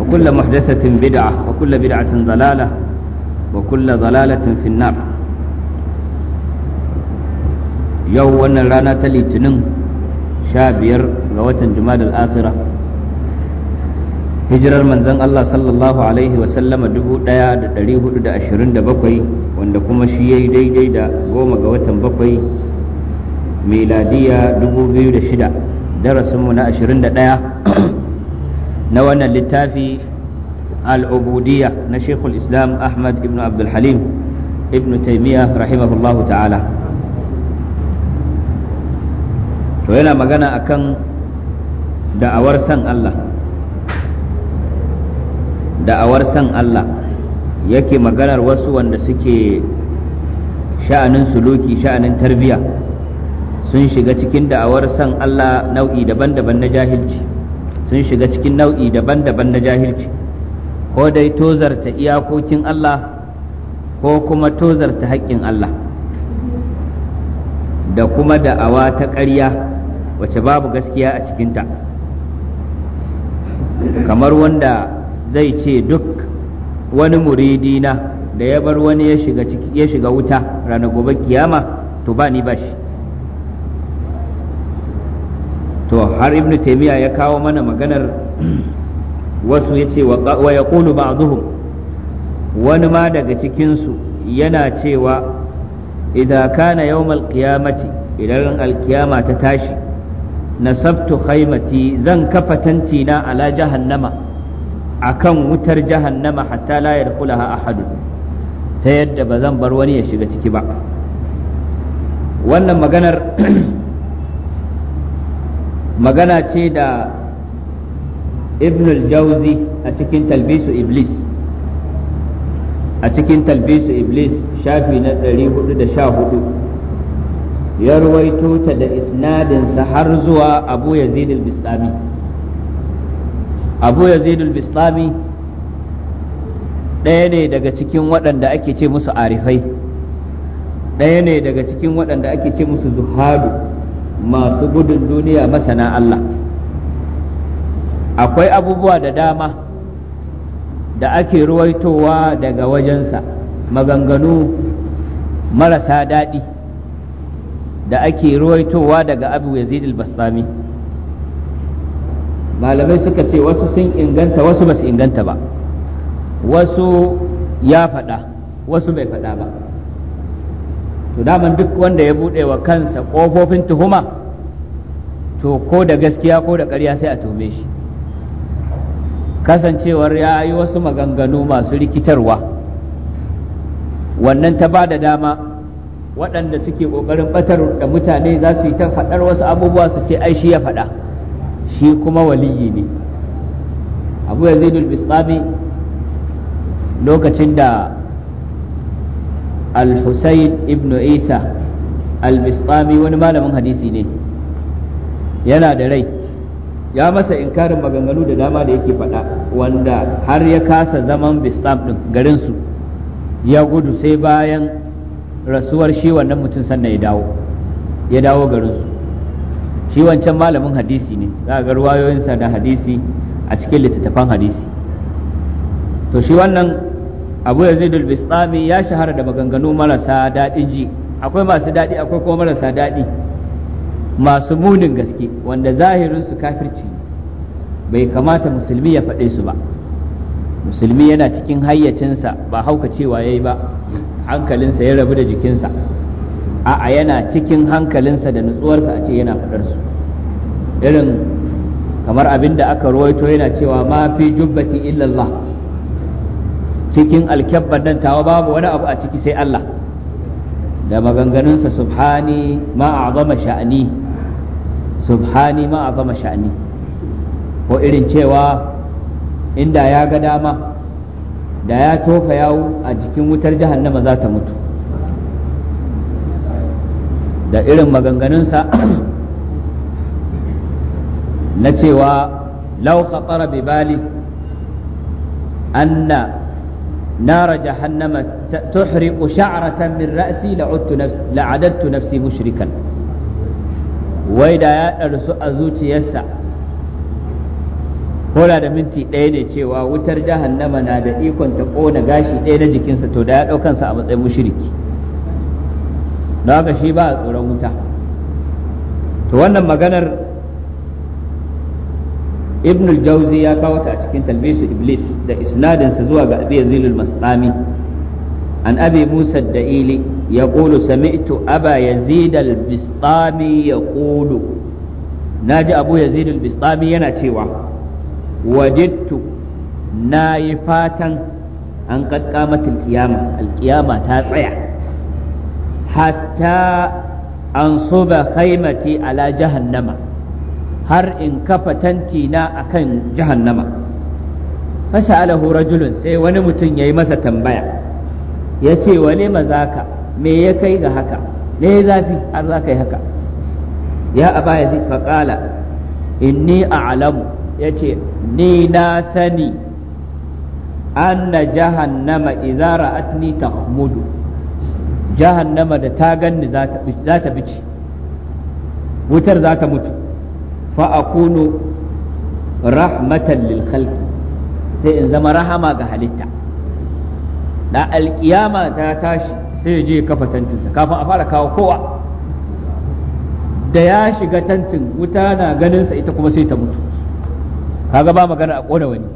وكل محدثة بدعة وكل بدعة ضلالة وكل ضلالة في النار yau wannan rana ta litinin sha biyar ga watan jumadal akhira hijirar manzan Allah sallallahu alaihi wasallama dubu ɗaya da ɗari hudu da ashirin da bakwai wanda kuma shi ya yi daidai da goma ga watan bakwai meladiya dubu biyu da shida darasinmu na ashirin da ɗaya na wannan littafi al'ubudiyya na shekul islam ahmad ibn abdulhalim ibn taimiyya rahimahullahu ta'ala to yana magana akan da'awar san Allah da'awar san Allah yake maganar wasu wanda suke sha'anin suluki sha'anin tarbiyya sun shiga cikin da'awar san Allah nau'i daban-daban na jahilci sun shiga cikin nau'i daban-daban na jahilci ko dai tozarta iyakokin Allah ko kuma tozarta haƙƙin Allah da kuma da'awa ta ƙarya wace babu gaskiya a cikinta kamar wanda zai ce duk wani muridina da ya bar wani ya shiga wuta ranar gobe kiyama to ba ni ba shi to har ibnu taymiya ya kawo mana maganar wasu yace wa yaqulu ba'dhum wani ma daga cikin su yana cewa idza kana yawmal qiyamati idan alkiyama ta tashi nasabtu khaymati zan kafa tantina ala jahannama akan wutar jahannama hatta la yadkhulaha ahadun ta yadda ba zan bar wani ya shiga ciki ba wannan maganar magana ce da ibnul jauzi a cikin talbisu iblis a cikin talbisu iblis shafi na 414 ya ruwaito ta da isnadinsa har zuwa abu yazid al-bistami abu yazid al-bistami ɗaya ne daga cikin waɗanda ake ce musu arifai ɗaya ne daga cikin waɗanda ake ce musu zuhadu masu gudun duniya masana Allah akwai abubuwa da dama da ake ruwaitowa daga wajensa maganganu marasa daɗi da ake ruwaitowa daga abu yazid al-bastami malamai suka ce wasu sun inganta wasu ba su inganta ba wasu ya faɗa wasu bai faɗa ba to daman duk wanda ya buɗe wa kansa kofofin tuhuma to ko da gaskiya ko da ƙarya sai a tume shi kasancewar ya yi wasu maganganu masu rikitarwa wannan ta ba da dama waɗanda suke ƙoƙarin ɓatar da mutane za su yi ta faɗar wasu abubuwa su ce ai shi ya faɗa shi kuma waliyi ne abu yazidul bistami lokacin da al-husayn Ibnu isa al-bisqami wani malamin hadisi ne yana da rai ya masa inkarin maganganu da dama da yake faɗa wanda har ya kasa zaman bistam ɗin garinsu ya gudu sai bayan rasuwar shi wannan mutum sannan ya dawo garinsu shi wancan malamin hadisi ne za a ga ruwayoyinsa da hadisi a cikin littattafan hadisi to shi wannan abu yazid al-bistami ya shahara da maganganu marasa daɗin ji akwai masu daɗi akwai kuma marasa daɗi masu munin gaske wanda zahirin su kafirci bai kamata musulmi ya faɗe su ba musulmi yana cikin hayyacinsa ba hauka cewa yayi ba hankalinsa ya rabu da jikinsa a'a yana cikin hankalinsa da nutsuwarsa a ce yana faɗar su irin kamar abin da aka ruwaito yana cewa ma fi jubbati illallah cikin alkyabban nan tawa babu wani abu a ciki sai Allah da maganganunsa subhani ma azama sha'ani subhani ma azama sha'ani ko irin cewa inda ya ga dama da ya tofa yawo a jikin wutar jahannama za ta mutu da irin maganganunsa na cewa lau khatara bi bali anna نار جهنم تحرق شعرة من رأسي لعدت نفسي لعددت نفسي مشركا وإذا يأرس أزوتي يسع kola da minti ɗaya ne cewa wutar jahannama na da ikon ta kona gashi ɗaya na jikinsa to da ya ɗau sa a matsayin mushiriki don haka shi ba a tsoron wuta to wannan maganar ibn al ya kawo a cikin talbisu iblis da isnadinsa zuwa ga abi yazil al-masqami an abi musa ad-da'ili yaqulu sami'tu aba yazid al-bistami yaqulu naji abu yazid al yana cewa wajidtu nayi fatan an qaddamata al-qiyama ta tsaya hatta an suba khaymati ala jahannama har in kafa tanti na akan jahannama fasa'alahu rajulun sai wani mutum yayi masa tambaya yace wani mazaka me ya kai ga haka me zafi har za yi haka ya aba yazid faqala inni a'lamu yace ni na sani anna jahannama idza ra'atni tahmudu jahannama da ta ganni za ta bici wutar za ta mutu fa akunu rahmatan lil sai in zama rahama ga halitta da alkiyama ta tashi sai je kafa tantinsa kafin a fara kawo kowa da ya shiga tantin wuta na ganinsa ita kuma sai ta mutu kaga ba magana a kona wani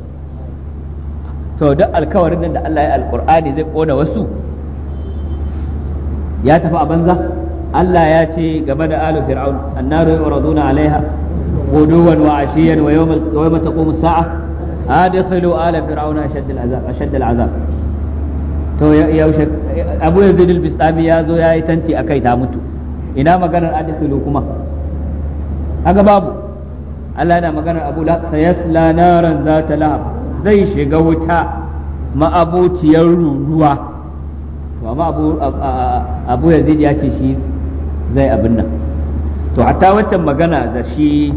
to duk alkawarin nan da Allah ya alkur'ani zai kona wasu ya tafi a banza Allah ya ce game da alu fir'aun annaru yuraduna alaiha غدوا وعشيا ويوم ويوم تقوم الساعة أدخلوا آل فرعون أشد العذاب أشد العذاب to yaushe abu ya zidil bisami ya zo ya yi tanti a kai ta mutu ina maganar adikulu kuma haka babu Allah yana maganar abu la sayasla naran za zai shiga wuta ma'abociyar ruruwa to amma abu ya ce shi zai abin nan to hatta waccan magana da shi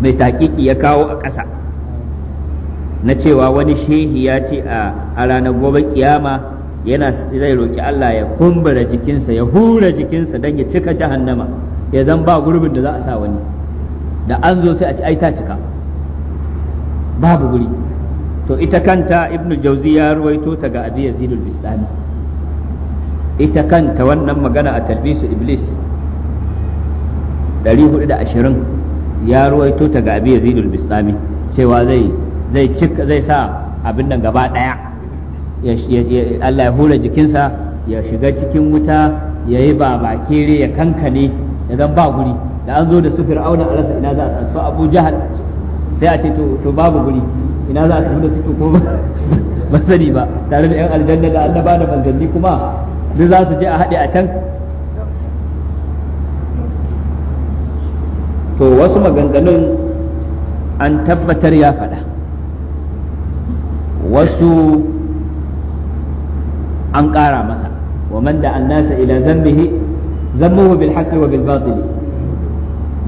mai taƙiƙi ya kawo a ƙasa na cewa wani shehi ya ce a ranar gobe kiyama yana zai roƙi Allah ya kumbura jikinsa ya hura jikinsa don ya cika jahannama ya zan ba gurbin da za a sa wani da an zo sai a ci aita cika babu guri to ita kanta ibnu jauzi ya ruwaito ta ga abi yazid bistami ita kanta wannan magana a talbisu iblis 420 ya ruwaito ta ga abi yazidul bistami cewa zai zai cika zai sa abin nan gaba daya Allah ya hula jikinsa ya shiga cikin wuta ya yi babakere ya kankane ya zan ba guri da an zo da su fir'auna a rasa ina za a su abu jahal sai a ce to babu guri ina za a tafi da su ko ba sani ba tare da yan aljanna da annaba da manzanni kuma duk za su je a hade a can to wasu maganganun an tabbatar ya faɗa wasu an ƙara masa wa man da nasa ila zambihi zammuhu bil haqqi wa bil batil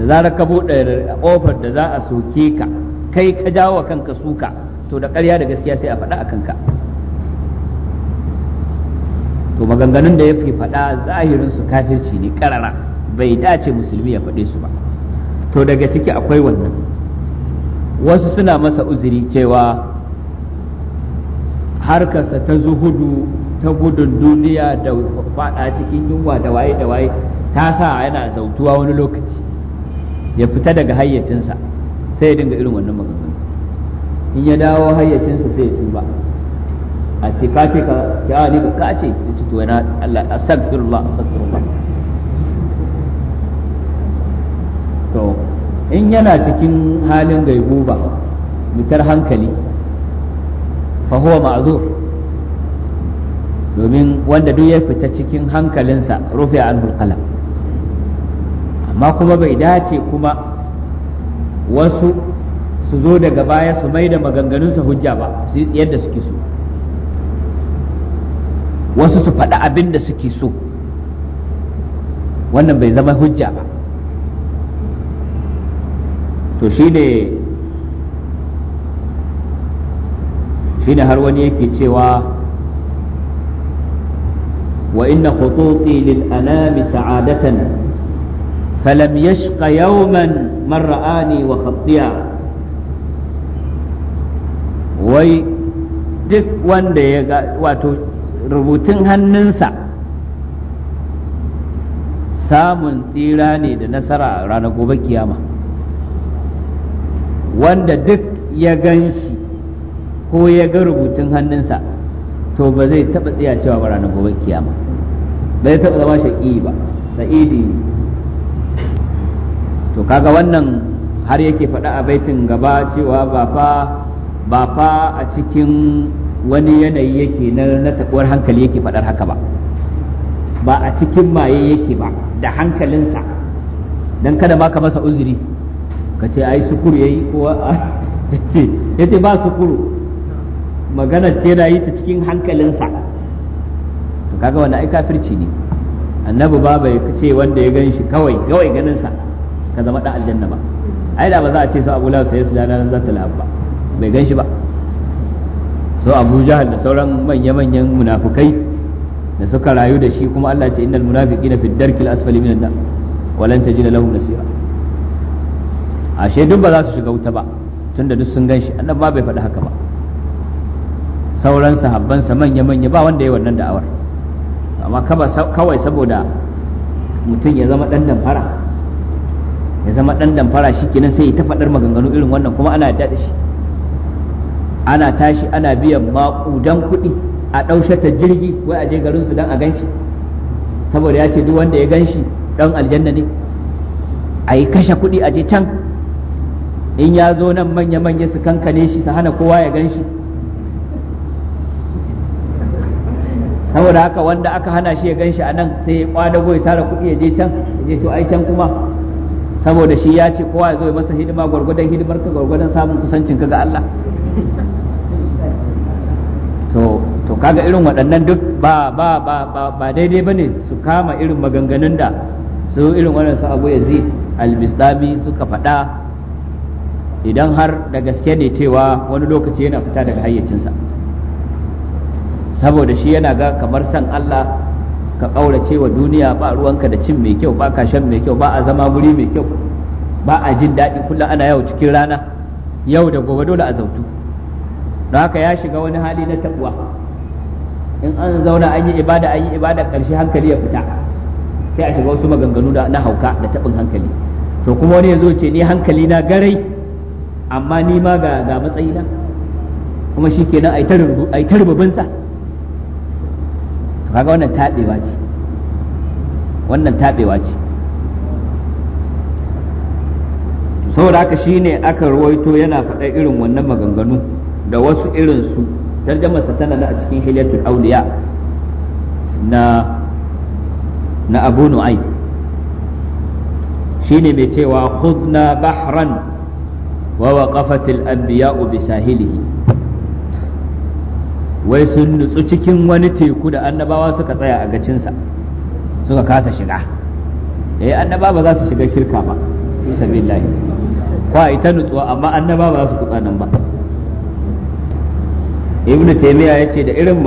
da za ka buɗe ƙofar da za a soke ka kai ka jawo kanka suka to da ƙarya da gaskiya sai a faɗa a kanka to maganganun da ya fi faɗa zahirin su kafirci ne ƙarara bai dace musulmi ya faɗe su ba to daga ciki akwai wannan wasu suna masa uzuri cewa harkarsa ta zuhudu ta gudun duniya da fada cikin yunwa da waye da waye ta sa yana zautuwa wani lokaci ya fita daga hayyacinsa sai ya dinga irin wannan maganganu in ya dawo hayyacinsa sai ya tuba a ce ka ce ka ce ni ba ka ce ya ce to yana Allah astaghfirullah astaghfirullah to in yana cikin halin gaibuba mitar hankali fa huwa ma'zur domin wanda duk ya fita cikin hankalinsa rufe anhul qalam amma kuma bai dace kuma wasu su zo daga baya su mai da maganganunsa hujja ba su yi yadda suke so wasu su faɗi abin da suke so wannan bai zama hujja ba to shi ne har wani yake cewa wa inna khututi lil anami sa'adatan falam yashqa yawman man ra'ani wa khattiya wai duk wanda ya ga wato rubutun hannunsa samun tsira ne da nasara ranar gobe kiyama wanda duk ya gan shi ko ya ga rubutun hannunsa to ba zai taɓa tsaya cewa ba ranar gobe kiyama ba zai taɓa zama shaƙi ba sa'idi to kaga wannan har yake faɗa a baitin gaba cewa ba fa ba fa a cikin wani yanayi yake na taɓuwar hankali yake faɗar haka ba ba a cikin maye yake ba da hankalinsa don kada ma ka masa uzuri ka ce ai sukuru yayi ko ce yace ba sukuru magana ce da yi ta cikin hankalinsa to kaga wannan ai kafirci ne annabi ba bai ce wanda ya gan shi kawai kawai ganin sa ka zama da aljanna ba ai da ba za a ce su Abu Lahab sai su lana za ta lahab ba bai gan shi ba so Abu Jahal da sauran manya-manyan munafukai da suka rayu da shi kuma Allah ya ce innal munafiqina fid darkil asfali minan nar walan tajida lahum nasira ashe duk ba za su shiga wuta ba tunda duk sun ganshi annabi ba bai faɗi haka ba sauran sahabbansa manya manya ba wanda ya yi wannan da'awar amma kawai saboda mutum ya zama ɗan damfara ya zama ɗan damfara shi kenan sai ya ta faɗar maganganu irin wannan kuma ana yadda da shi ana tashi ana biyan maƙudan kuɗi a ɗaushe ta jirgi wai a je garin su dan a ganshi saboda ya ce duk wanda ya ganshi dan aljanna ne a yi kashe kuɗi a je can in ya zo nan manya-manya su kankane shi su hana kowa ya gan shi saboda haka wanda aka hana shi ya gan shi a nan sai ya kwada ya tara kuɗi ya je can ya je to ai can kuma saboda shi ya ce kowa ya zo ya masa hidima gwargwadon hidimar ka gwargwadon samun kusancin ka ga Allah to to kaga irin waɗannan duk ba ba ba ba, ba daidai bane su kama irin maganganun da su irin waɗansu abu yazid al-bistami suka faɗa idan har da gaske ne cewa wani lokaci yana fita daga hayyacinsa saboda shi yana ga kamar san Allah ka ƙaurace wa duniya ba ruwanka da cin mai kyau ba ka shan mai kyau ba a zama guri mai kyau ba a jin daɗi kullum ana yau cikin rana yau da gobe dole a zautu don haka ya shiga wani hali na taɓuwa in an zauna an yi ibada an yi ibada ƙarshe hankali ya fita sai a shiga wasu maganganu na hauka da taɓin hankali to kuma wani ya zo ce ni hankali na garai amma ni ma ga ga matsayina kuma shi kenan ai ta sa to kaga wannan taɓewa ce wannan taɓewa ce saboda haka shine aka ruwaito yana faɗa irin wannan maganganu da wasu irin su tarjamarsa tana na a cikin hilyatul auliya na na abu nu'aym shine mai cewa khudna bahran wa waqafatil anbiya'u bi sahilihi wai sun nutsu cikin wani teku da annabawa suka tsaya a gacinsa suka kasa shiga eh annaba ba za su shiga shirka ba sabilillahi kwa ita nutsuwa amma annaba ba za su kutsa nan ba ibn taymiya yace da irin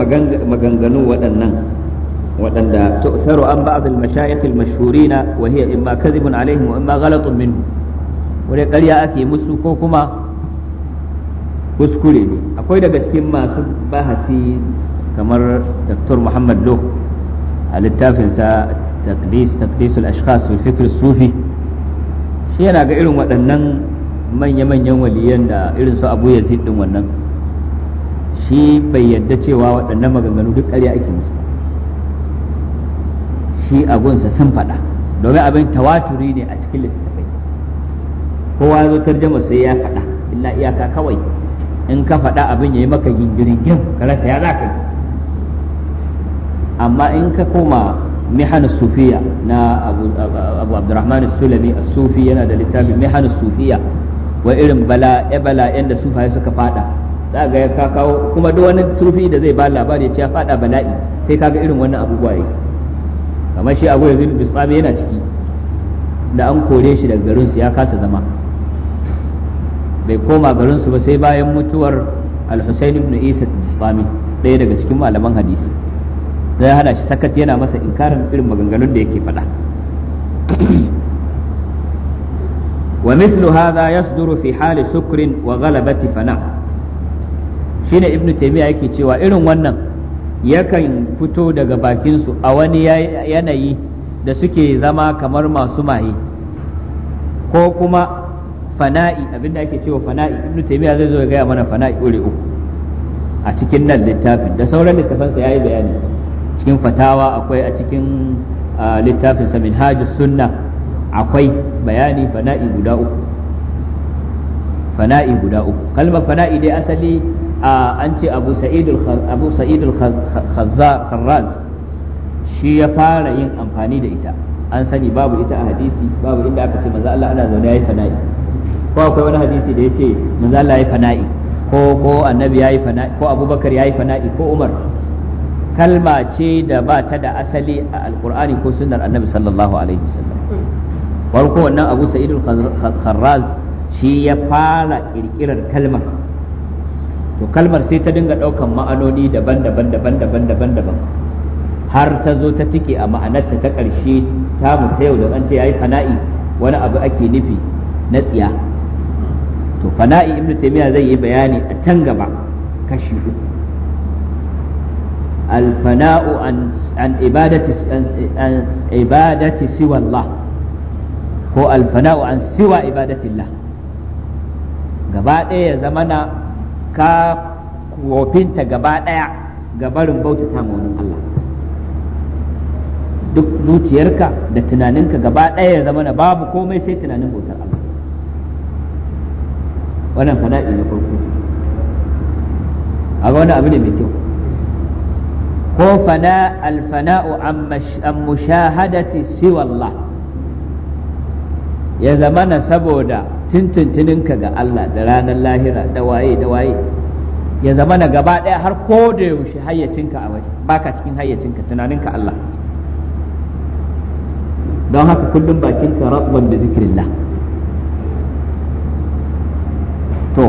maganganu waɗannan waɗanda tu'saru an ba'd al-mashayikh imma kadhibun alaihim wani ƙarya ake musu ko kuma kuskure ne akwai daga cikin masu bahasi kamar dr muhammad lo a littafinsa takdisul ashkhas fil fikr sufi shi yana ga irin waɗannan manya-manyan waliyan da irin su abu ya din wannan shi bai yadda cewa waɗannan maganganu duk ƙarya ake musu shi abunsa sun faɗa domin abin tawaturi ne a cikin littafi kowa ya zo tarjama sai ya faɗa illa iyaka kawai in ka faɗa abin ya yi maka gingirin ka rasa ya za ka yi amma in ka koma mihan sufiya na abu abdurrahman sulami a sufi yana da littafi mihan sufiya wa irin bala e bala yanda sufaye suka fada za ga ya kawo kuma duk wani sufi da zai ba labari ya ce ya fada bala'i sai kaga irin wannan abubuwa yi kamar shi abu yanzu bisami yana ciki da an kore shi daga garin su ya kasa zama bai koma garinsu ba sai bayan mutuwar al-husayn ibn isa bistami ɗaya daga cikin malaman hadisi da ya hana shi sakat yana masa inkarin irin maganganun da yake faɗa wa mislu hadha yasduru fi hali shukrin wa ghalabati fana shine ibnu taymiya yake cewa irin wannan yakan fito daga bakin su a wani yanayi da suke zama kamar masu maye ko kuma fana'i abinda ake cewa fana'i ibnu taymiya zai zo ya gaya mana fana'i ure uku a cikin nan littafin da sauran littafansa yayi bayani cikin fatawa akwai a cikin littafin sa minhajus sunna akwai bayani fana'i guda uku fana'i guda uku kalmar fana'i dai asali an ce abu sa'idul abu sa'idul kharraz shi ya fara yin amfani da ita an sani babu ita a hadisi babu inda aka ce manzo Allah ana zaune yayi fana'i ko akwai wani hadisi da yace manzo Allah ya fana'i ko ko annabi yayi fana'i ko abubakar yayi fana'i ko umar kalma ce da ba ta da asali a alqur'ani ko sunnar annabi sallallahu alaihi wasallam farko wannan abu sa'id kharraz shi ya fara kirkirar kalmar to kalmar sai ta dinga daukan ma'anoni daban-daban daban-daban daban-daban har ta zo ta tike a ma'anarta ta ƙarshe ta mu ta yau da an ce yayi fana'i wani abu ake nufi na tsiya to fana'i ibn taymiya zai yi bayani a can gaba kashi uku alfana'u an ibadati an ibadati siwa Allah ko an siwa ibadatillah gaba ɗaya ya zamana ka kofinta gaba ɗaya ga barin bautata ma wani Allah duk zuciyarka da tunaninka gaba ɗaya ya zamana babu komai sai tunanin bautar wannan fada'i na farko a ga wani abu ne mai kyau ko fana alfana'u an mushahadati siwallah ya zamana saboda tuntuntuninka ga Allah da ranar lahira da waye da waye ya zamana gaba ɗaya har ko da yaushe hayyacinka a waje baka cikin hayyacinka tunaninka Allah don haka kullum bakinka rabban da zikirillah to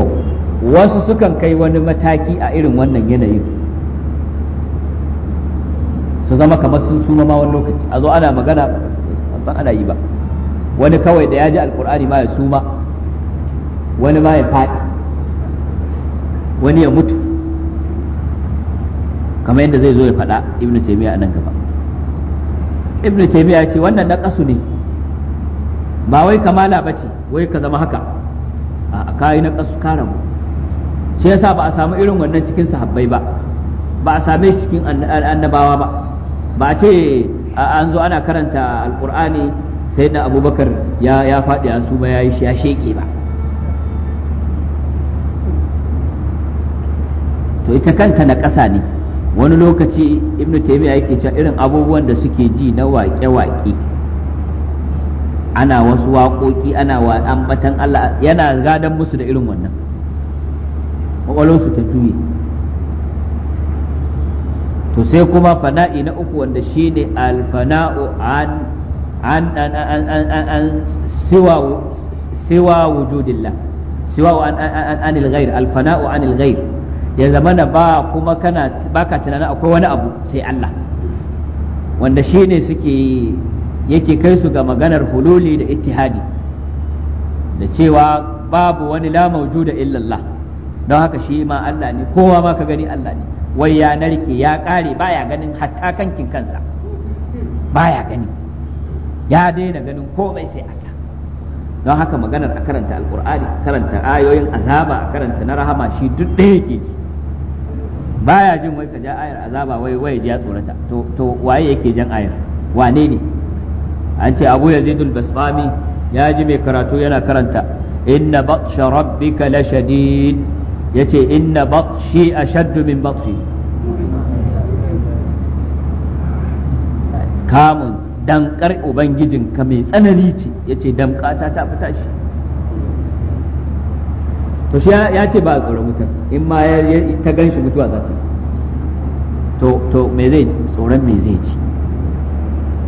wasu sukan kai wani mataki a irin wannan yanayin su zama kamar sun suma ma wani lokaci a zo ana magana san ana yi ba wani kawai da ya ji alkur'ani ma ya suma wani ma ya faɗi wani ya mutu kamar yadda zai zo ya faɗa ibnu taymiya a nan gaba ibnu taymiya ce wannan na ƙasu ne ba wai kamala ba ce wai ka zama haka a kayi na kasu ka shi yasa ba a samu irin wannan cikin sahabbai ba ba a same shi cikin annabawa ba ba a ce an zo ana karanta alkur'ani sai da abubakar ya faɗi an su ba ya yi ya sheke ba to ita kanta na ƙasa ne wani lokaci ibnu taymiya yake cewa irin abubuwan da suke ji na waƙe-waƙe ana wasu waƙoƙi ana wa ambatan Allah yana gadan musu da irin wannan su ta juye to sai kuma fana'i na uku wanda shine alfana'u an an an an an an an siwa siwa wujudillah siwa an an an al-ghair alfana'u an al-ghair ya zamana ba kuma kana baka tunanin akwai wani abu sai Allah wanda shi ne suke yake kai su ga maganar hululi da ittihadi da cewa babu wani la mawjuda illallah don haka shi ma Allah ne kowa ma ka gani Allah ne wai ya narke ya kare baya ganin hatta kankin kansa baya gani ya daina ganin komai sai Allah don haka maganar a karanta alkur'ani karanta ayoyin azaba a karanta na rahama shi duk ɗaya yake ji baya jin wai ka ja ayar azaba wai wai ya tsorata to to waye yake jan ayar wane ne an ce abu ya zidul basrami ya ji mai karatu yana karanta inna baqsha rabbika la shadid yace inna baqshi ashadd min batshi kamun dankar ka mai tsanani ce yace damkata ta fita shi to shi ya ce ba a tsoron mutum, in ma ta gan shi mutuwa za ta to to me zai tsoron me zai ci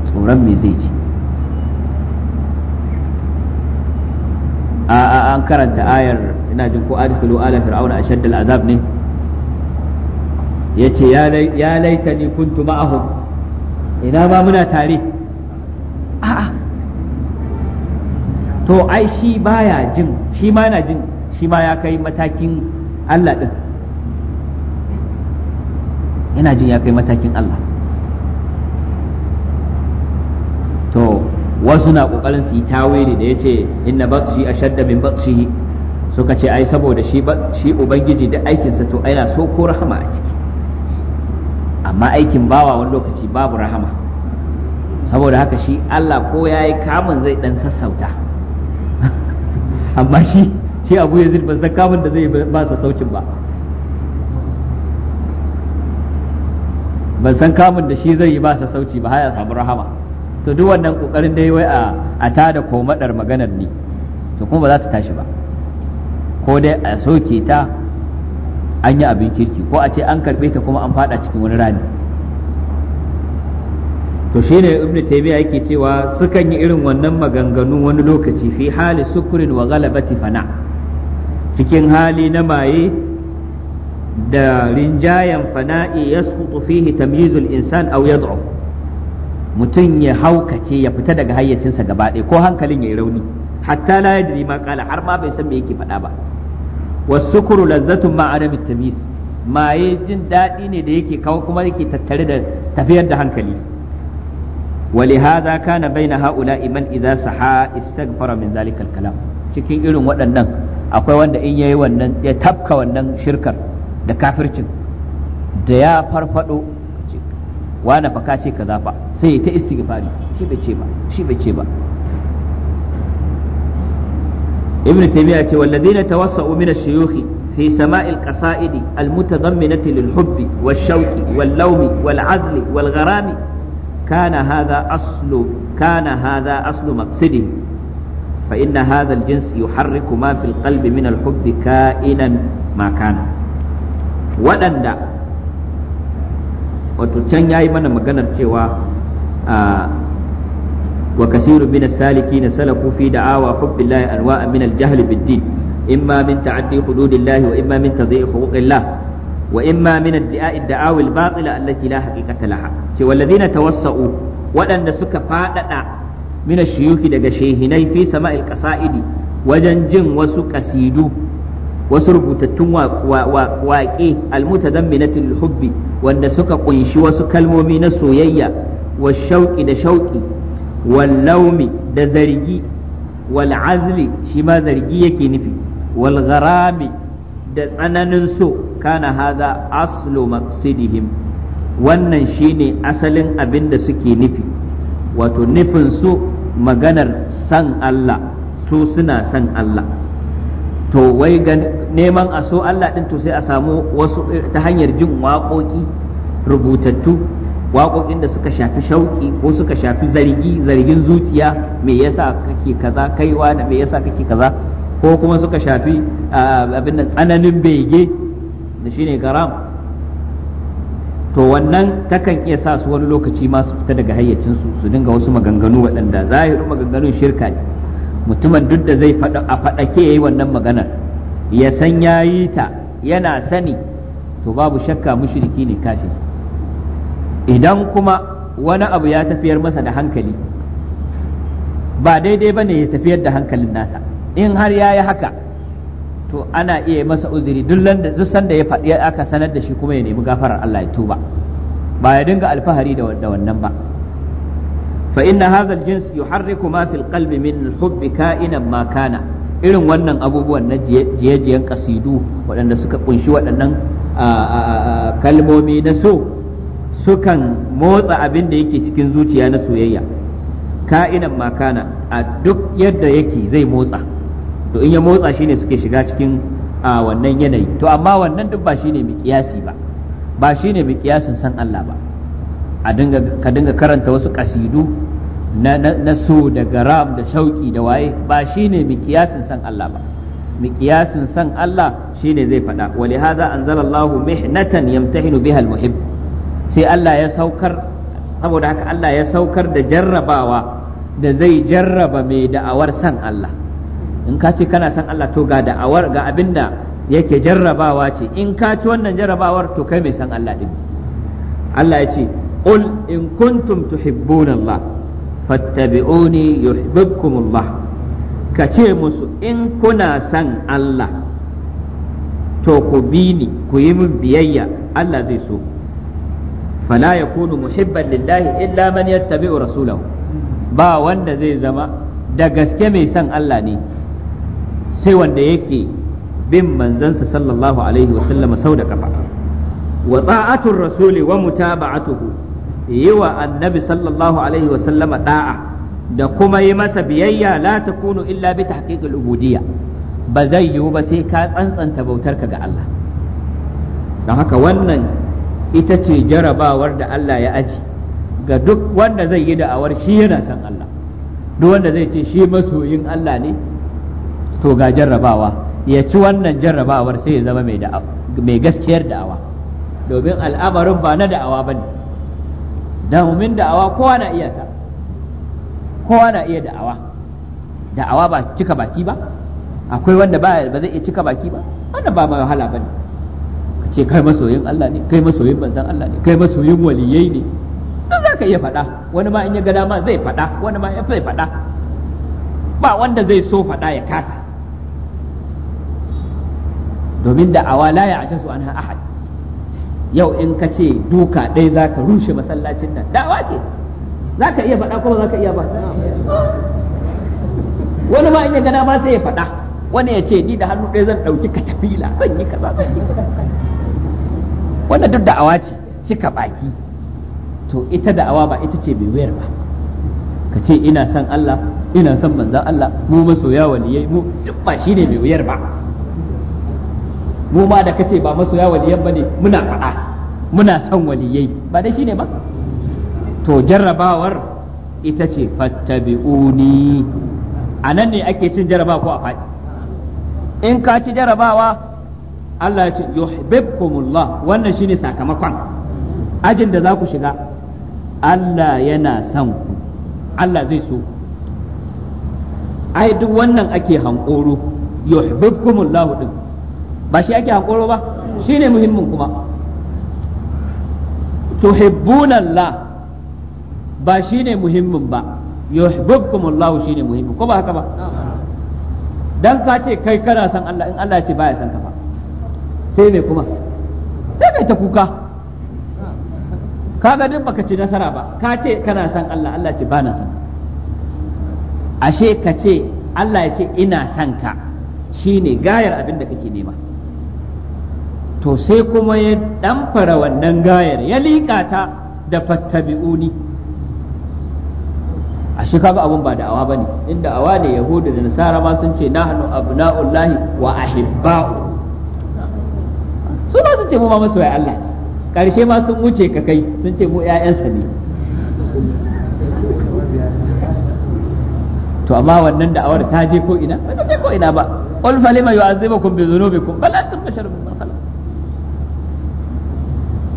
tsoron me zai ci a an karanta ayar ina jin ko adkhulu ala fir'auna ashadda al'azab ne yace ya laitani kuntu ma'ahum ina ba muna tare a'a to ai shi baya jin shi ma yana jin shi ma ya kai matakin Allah din ina jin ya kai matakin Allah wasu na kokarin su yi ne da yace inna batshi ashadda min batshihi suka ce ai saboda shi shi ubangiji da aikin sa to aina so ko rahama a ciki amma aikin bawa wani lokaci babu rahama saboda haka shi Allah ko yayi kamun zai dan sassauta amma shi shi Abu Yazid ba san kamun da zai ba saukin ba ban san kamun da shi zai yi ba sauci ba haya ya samu rahama to duk wannan kokarin dai wai a a tada komadar maganar ne to kuma ba za ta tashi ba ko dai a soke ta an yi abin kirki ko a ce an karbe ta kuma an fada cikin wani rani to shine ibn taymiya yake cewa sukan yi irin wannan maganganu wani lokaci fi hali sukurin wa ghalabati fana cikin hali na maye da rinjayen fana'i yasqutu fihi tamyizul insan aw yad'u mutum ya haukace ya fita daga hayyacinsa gaba ɗaya ko hankalin ya yi rauni hatta la yadri ma kala har ma bai san me yake faɗa ba wasukuru lazzatun ma adam tamis maye jin daɗi ne da yake kawo kuma yake tattare da tafiyar da hankali Wali ولهذا kana baina haula iman idza saha istaghfara min ذلك kalam cikin irin waɗannan akwai wanda in yayi wannan ya tafka wannan shirkar da kafircin da ya farfado wani fa ka ce kaza fa sai ta istighfari shi bai ce ba shi bai ce ba ibn taymiya ce walladheena tawassau min ash-shuyukh fi sama'il qasa'id al-mutadamminati lil-hubbi wash shauki wal-lawmi wal-'adli wal-gharami كان هذا أصل كان هذا أصل مقصده فإن هذا الجنس يحرك ما في القلب من الحب كائنا ما كان waɗanda wato can ya yi mana maganar cewa wa kasiru min as-salikin salaku fi da'awa hubbillahi anwa'a min al-jahl bid-din imma min ta'addi hududillahi wa imma min tadhi'i huquqillah wa imma min ad-da'i ad-da'awi al-batila allati la haqiqata laha ce walladhina tawassau waɗanda suka fadada min ash-shuyukh daga shehinai fi sama'il qasa'idi wajen jin wasu kasidu wasu rubutattun waƙe almutazamminatul hubbi wanda suka kunshi wasu kalmomi na soyayya wa shauƙi da shauƙi wal laumi da zargi wal azli shi ma zargi yake nufi wal gharami da tsananin so kana haza aslu maqsidihim wannan shine asalin abin da suke nufi wato nufin su maganar san Allah su suna san Allah to wai ga neman a so Allah din to sai a samu wasu eh, ta hanyar jin waƙoƙi rubutattu waƙoƙin da suka shafi shauƙi ko suka shafi zargi zargin zuciya me yasa kake kaza kaiwa da me yasa kake kaza ko kuma suka shafi abin da tsananin bege da shine garam to wannan takan iya sa su wani lokaci ma su fita daga hayyacinsu su dinga wasu maganganu waɗanda zahirin maganganun shirka ne mutumin duk da zai faɗa a faɗake ya yi wannan maganar ya san ya yi ta yana sani to babu shakka mushriki ne kafin idan kuma wani abu ya tafiyar masa da hankali ba daidai ba ne ya tafiyar da hankalin nasa in har ya yi haka to ana iya masa uzuri duk sanda ya faɗi aka sanar da shi kuma ya nemi gafarar Allah ya tuba ba ya dinga alfahari da wannan ba fa inna hadha al-jins yuharriku ma fil qalbi min al-hubbi ka'inan irin wannan abubuwan na jiyajiyan kasidu waɗanda suka kunshi waɗannan kalmomi na so sukan motsa abin da yake cikin zuciya na soyayya ka'inan makana a duk yadda yake zai motsa to in ya motsa shine suke shiga cikin a wannan yanayi to amma wannan duk ba shine miƙiyasi ba ba shine miƙiyasin san Allah ba ka dinga karanta wasu kasidu na so da garam da shauki da waye ba shine mikiyasin san Allah ba mikiyasin san Allah shine zai faɗa wali hadha anzalallahu mihnatan yamtahinu biha almuhib sai Allah ya saukar saboda haka Allah ya saukar da jarrabawa da zai jarraba mai da'awar san Allah in ka ce kana san Allah to ga da'awar ga abinda yake jarrabawa ce in ka ci wannan jarrabawar to kai mai san Allah din Allah ya ce qul in kuntum tuhibbuna Allah fattabi'uni yuhibbukum Allah ka ce musu in kuna san Allah to ku bi ni ku yi min biyayya Allah zai so fala yakunu muhibban lillahi illa man yattabi'u rasulahu ba wanda zai zama da gaske mai son Allah ne sai wanda yake bin manzansa sallallahu alaihi wasallama sau da kafa wa ta'atul rasuli wa mutaba'atuhu yi wa annabi sallallahu alaihi wasallama da'a da kuma yi masa biyayya la takunu illa bi tahqiqil ubudiyya ba zai yiwu ba sai ka tsantsanta bautarka ga Allah don haka wannan ita ce jarabawar da Allah ya aji ga duk wanda zai yi da'awar shi yana son Allah duk wanda zai ce shi masoyin Allah ne to ga jarrabawa ya ci wannan jarrabawar sai ya zama mai gaskiyar da'awa domin al'amarin ba na da'awa ba ne Da domin da'awa kowa na iya ta kowa na iya da'awa da'awa ba cika baki ba akwai wanda ba ba zai iya cika baki ba wannan ba mai wahala bane ka ce kai masoyin Allah ne kai masoyin manzon Allah ne kai masoyin waliyai ne duk zaka iya faɗa wani ma in ya ga dama zai faɗa wani ma ya zai faɗa ba wanda zai so faɗa ya kasa domin da'awa la ya ajazu anha ahad yau in ka ce duka ɗaya za ka rushe masallacin nan dawa ce za ka iya faɗa kuma za ka iya ba wani ma in ya gada ba sai ya faɗa wani ya ce ni da hannu ɗaya zan ɗauki katafila zan yi kaza zan yi wanda duk da awa ce cika baki to ita da awa ba ita ce mai wayar ba ka ce ina son Allah ina son manzan Allah mu masoya waliyai mu duk ba ne mai wayar ba mu ma da kace ba masoya waliyan bane muna faɗa muna son waliyai ba dai shine ba to jarrabawar ita ce fattabi'uni a nan ne ake cin jaraba ko a faɗi in ka ci jarabawa Allah ya ce yuhibbukumullah wannan shine sakamakon ajin da za ku shiga Allah yana son ku Allah zai so ai duk wannan ake hankoro yuhibbukumullah din ba shi ake hankoro ba shi ne muhimmin kuma tuhibbunallah ba shi ne muhimmin ba yuhibbukumullahu ne muhimmin ko ba haka ba dan ka ce kai kana san Allah in Allah ya ce baya san ka ba sai me kuma sai kai ta kuka kaga din baka ci nasara ba ka ce kana san Allah Allah ce ba na san ashe ka ce Allah ya ce ina san ka shine gayar abin da kake nema to sai kuma ya ɗamfara wannan gayar ya liƙata ta da fattabi'uni a shi kaga abun ba da'awa bane inda awa ne yahudu da nasara ma sun ce nahnu abna'ullahi wa ahibba'u su ma sun ce mu ma masoya Allah karshe ma sun wuce ka kai sun ce mu 'ya'yansa ne to amma wannan da'awar ta je ko ina ba ta je ko ina ba qul falima yu'azzibukum bi dhunubikum bal antum basharun min khalq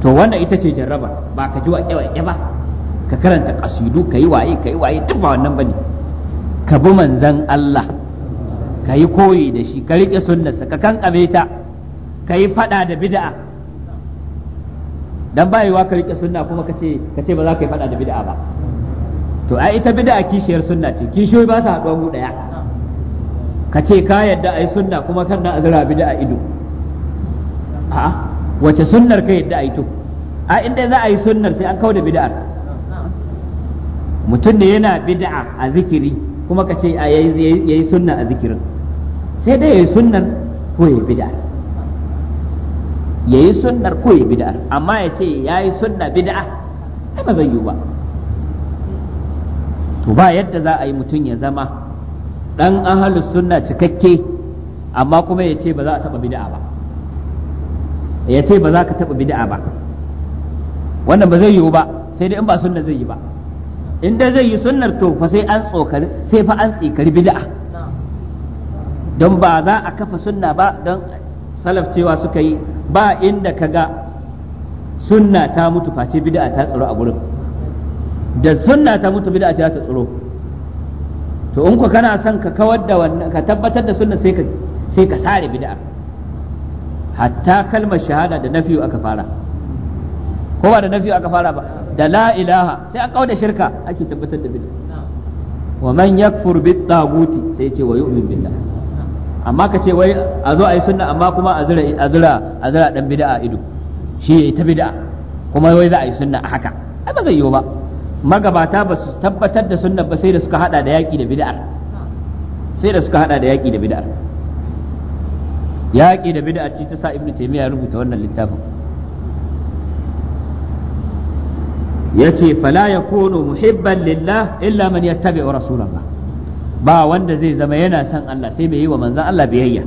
to wannan ita ce jarraba ba ka ji waƙe waƙe ba ka karanta kasidu ka yi waye ka yi waye duk ba wannan bane ka bi manzan Allah ka yi koyi da shi ka riƙe sunnarsa ka kankame ta ka yi faɗa da bid'a dan bayewa ka riƙe sunna kuma ka ce ka ce ba za ka yi faɗa da bid'a ba to ai ita bid'a kishiyar sunna ce kishiyoyi ba su haɗuwa mu ɗaya ka ce ka yadda ai sunna kuma kan na azura bid'a ido a'a wace sunnar ka yadda a yi to a inda za a yi sunnar sai an kawo da bid'ar mutum ne yana bid'a a zikiri kuma ka ce a yayi sunna a zikirin sai dai yayi sunnar ko yayi bid'ar yayi sunnar ko yayi bid'ar amma ya ce yayi sunna bid'a ai ba zan yi ba to ba yadda za a yi mutum ya zama dan ahlus sunna cikakke amma kuma ya ce ba za a saba bid'a ba ya ce ba za ka taɓa bid'a ba wannan ba zai yiwu ba sai dai in ba sunna zai yi ba in dai zai yi sunnar to fa sai an tsokari sai fa an tsikari bid'a don ba za a kafa sunna ba don salaf cewa suka yi ba inda ka ga sunna ta mutu face bid'a ta tsaro a gurin da sunna ta mutu bid'a ta tsaro to in ku kana son ka kawar da wannan ka tabbatar da sunna sai ka sai ka sare bid'a hatta kalmar shahada da nafiyu aka fara ko ba da nafiyu aka fara ba da la ilaha sai an kauda shirka ake tabbatar da bid'a wa man yakfur bit taguti sai ce wa yu'min billah amma ka ce wai a zo a yi sunna amma kuma a zira a zira a zira dan bid'a ido shi yayi ta bid'a kuma wai za a yi sunna a haka ai ba zai yiwu ba magabata ba su tabbatar da sunna ba sai da suka hada da yaki da bid'ar sai da suka hada da yaki da bid'ar yaƙi da bid'a ce ta sa ibnu taymiya rubuta wannan littafin yace fala ya kono muhibban lillah illa man yattabi'u rasulallah ba wanda zai zama yana son Allah sai mai yi wa manzan Allah biyayya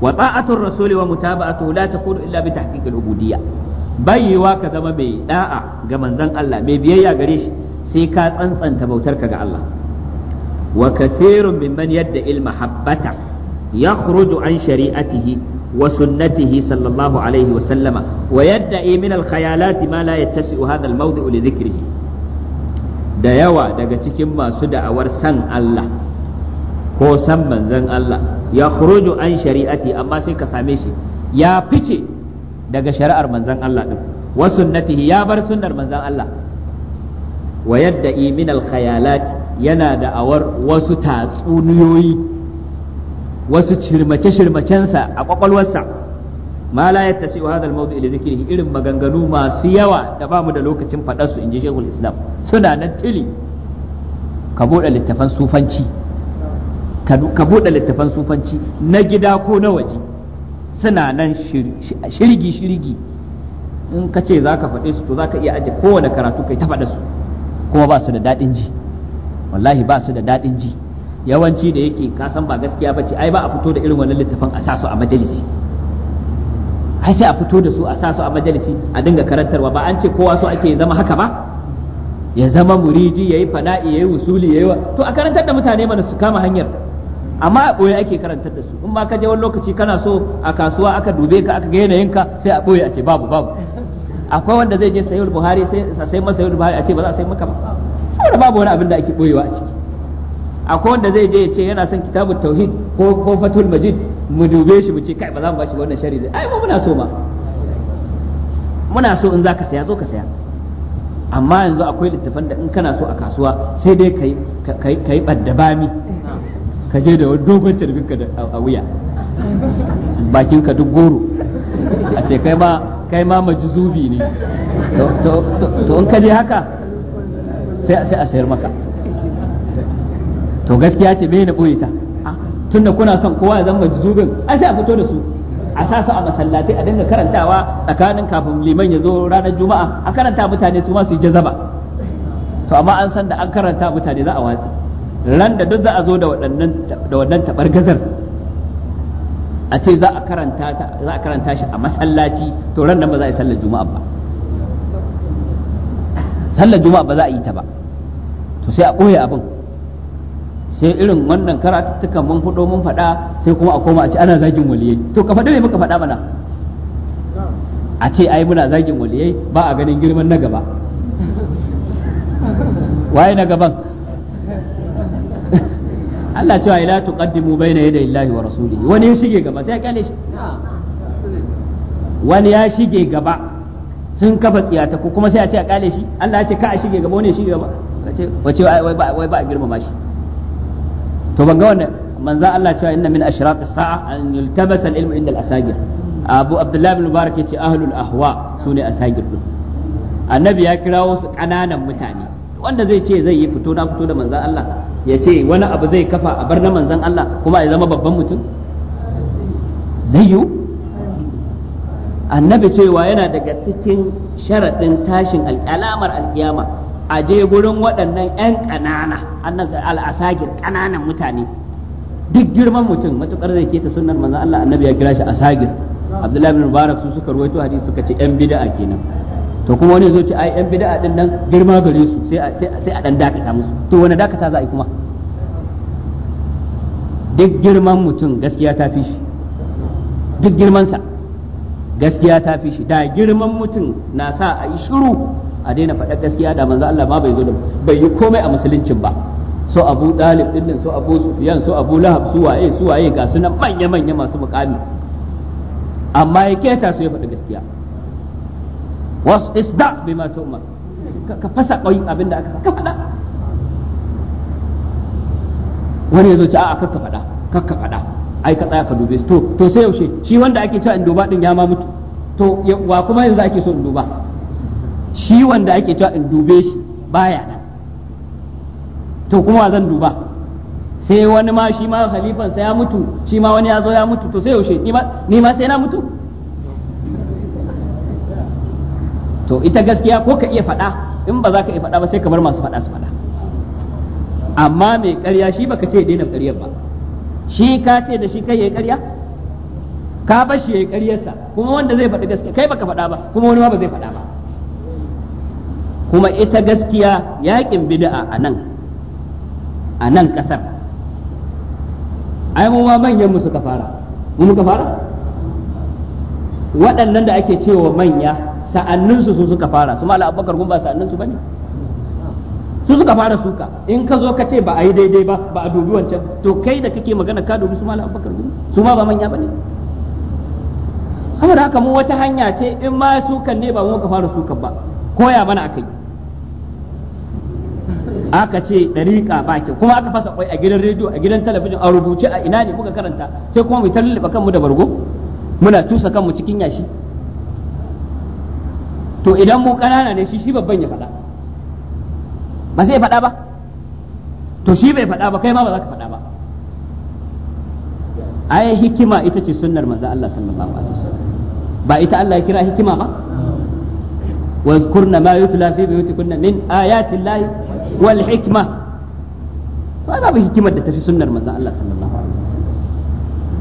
wa ta'atul rasuli wa mutaba'atu la takunu illa bi tahqiqil ubudiyya bayyewa ka zama mai da'a ga manzan Allah mai biyayya gare shi sai ka tsantsanta bautarka ga Allah wa kaseerun mimman yadda ilma habbata yakhruju an shari'atihi wa sunnatihi sallallahu alaihi wa sallama wa yadda'i min al-khayalati ma la yattasi'u hadha al-mawdi'u da yawa daga cikin masu da'awar san Allah ko san manzan Allah ya khruju an shari'ati amma sai ka same shi ya fice daga shari'ar manzan Allah din wa sunnatihi ya bar sunnar manzan Allah wa yadda'i min al-khayalat yana da'awar wasu tatsuniyoyi wasu shirmace-shirmacensa a kwakwalwarsa ma la yattasi wa hadal mawdu ila dhikrihi irin maganganu masu yawa da ba mu da lokacin fadar su inji shehul islam suna nan tili ka buɗe littafan sufanci ka buɗe littafan sufanci na gida ko na waje suna nan shirgi shirgi in ka ce za ka faɗe su to za ka iya aje kowane karatu kai ta faɗa su kuma ba su da daɗin ji wallahi ba su da daɗin ji yawanci da yake kasan ba gaskiya bace ai ba a fito da irin wannan littafin a sasu a majalisi ai sai a fito da su a sasu a majalisi a dinga karantarwa ba an ce kowa so ake zama haka ba ya zama muridi yayi fada'i yayi usuli yayi to a karantar da mutane mana su kama hanyar amma a ɓoye ake karantar da su in ba ka je wani lokaci kana so a kasuwa aka dube ka aka ga yanayinka sai a ɓoye a ce babu babu akwai wanda zai je sayyid buhari sai sai masa sayyid buhari a ce ba za a sai maka ba saboda babu wani abin da ake ɓoyewa a ciki akwai wanda zai je ya ce yana son kitabun tauhid ko ko fatul majid mu dube shi mu ce kai ba za mu bashi wannan shari zai ai mu muna so ma muna so in zaka saya zo ka saya amma yanzu akwai littafan da in kana so a kasuwa sai dai kai kai kai baddabami ka je da wani dogon carbin ka a wuya bakin ka duk goro a ce kai ma kai ma majzubi ne to to to in ka je haka sai a sayar maka to gaskiya ce me na boye ta ah. tunda kuna son kowa ya zama zubin, ai sai a fito da su a sa su a masallatai a dinga karantawa tsakanin kafin liman ya zo ranar juma'a a karanta mutane su ma su yi jazaba to amma an san da an karanta mutane za a watsi ran da duk za a zo da waɗannan da gazar a ce za a karanta ta za a karanta shi a masallaci to ran nan ba za a yi sallar juma'a ba sallar juma'a ba za a yi ta ba to sai a ɓoye abin sai irin wannan karatuttukan mun fito mun faɗa sai kuma a koma a ce ana zagin waliyai to ka faɗa me muka faɗa mana a ce ai muna zagin waliyai ba a ganin girman na gaba waye na gaban Allah cewa ila tuqaddimu baina yaday Allahi wa rasulihi wani ya shige gaba sai ya kyale shi wani ya shige gaba sun kafa tsiyata ko kuma sai a ce a kyale shi Allah ya ce ka a shige gaba wani ya shige gaba wace wai ba wai ba girmama shi to ban ga wannan manzo Allah cewa inna min ashraq as-sa'a an yultabas al-ilmu inda al-asagir Abu Abdullah ibn Mubarak yace ahlul ahwa sune asagir din annabi ya kirawo su kananan mutane wanda zai ce zai yi fito na fito da manzon Allah ya ce wani abu zai kafa a bar na manzan Allah kuma ya zama babban mutum zai yiwu annabi cewa yana daga cikin sharaɗin tashin alamar alkiyama a je gurin waɗannan 'yan ƙanana annabi al'asagir ƙananan mutane duk girman mutum matuƙar zai keta sunnar manzon Allah annabi ya kira shi asagir Abdullahi bin Mubarak su suka ruwaito hadisi suka ce 'yan bid'a kenan to kuma wani zo ce ai 'yan bid'a din nan girma gare su sai sai a dan dakata musu to wani dakata za a yi kuma duk girman mutum gaskiya ta fi shi duk girmansa gaskiya ta fi shi da girman mutum na sa a yi shiru a daina faɗa gaskiya da manzo Allah ma bai zo da bai yi komai a musuluncin ba so Abu Dalib din so Abu Sufyan so Abu Lahab su waye su waye ga sunan manya manya masu mukami amma ya keta su ya faɗi gaskiya was isda bima tu'mar ka fasa koyi abinda aka ka faɗa wani yazo ci a'a ka faɗa ka faɗa ai ka tsaya ka dube to to sai yaushe shi wanda ake cewa in duba din ya ma mutu to wa kuma yanzu ake so in duba shi wanda ake cewa in dube shi baya nan to kuma zan duba sai wani ma shi ma halifansa ya mutu shi ma wani ya zo ya mutu to sai yaushe ni ma sai na mutu to ita gaskiya ko ka iya faɗa in ba za ka iya faɗa ba sai kamar masu faɗa su faɗa amma mai ƙarya shi baka ce daina ƙaryar ba shi ka ce da shi kai ya ƙarya ka bar shi yayi ƙaryarsa kuma wanda zai faɗi gaskiya kai baka faɗa ba kuma wani ma ba zai faɗa ba kuma ita gaskiya yakin bid'a a nan a nan kasar ai mu ma manyan mu suka fara mu muka fara waɗannan da ake cewa manya sa'anninsu su suka fara su mala abubakar kun ba sa'anninsu bane su suka fara suka in ka zo ka ce ba a yi daidai ba ba a dubi wancan to kai da kake magana ka dubi su mala abubakar kun su ma ba manya bane saboda haka mu wata hanya ce in ma sukan ne ba mu ka fara sukan ba koya mana akai aka ce dariƙa baki kuma aka fasa kwai a gidan rediyo a gidan talabijin a rubuce a ina ne muka karanta sai kuma mu tallafa kanmu da bargo muna tusa kanmu cikin yashi to idan mu ƙanana ne shi shi babban ya faɗa ba sai ya faɗa ba to shi bai faɗa ba kai ma ba za ka faɗa ba ayi hikima ita ce sunnar manzo Allah sallallahu alaihi wasallam ba ita Allah ya kira hikima ba wa kurna ma yutla fi buyutikunna min ayati llahi wal hikma to babu hikimar da tafi sunnar manzon Allah sallallahu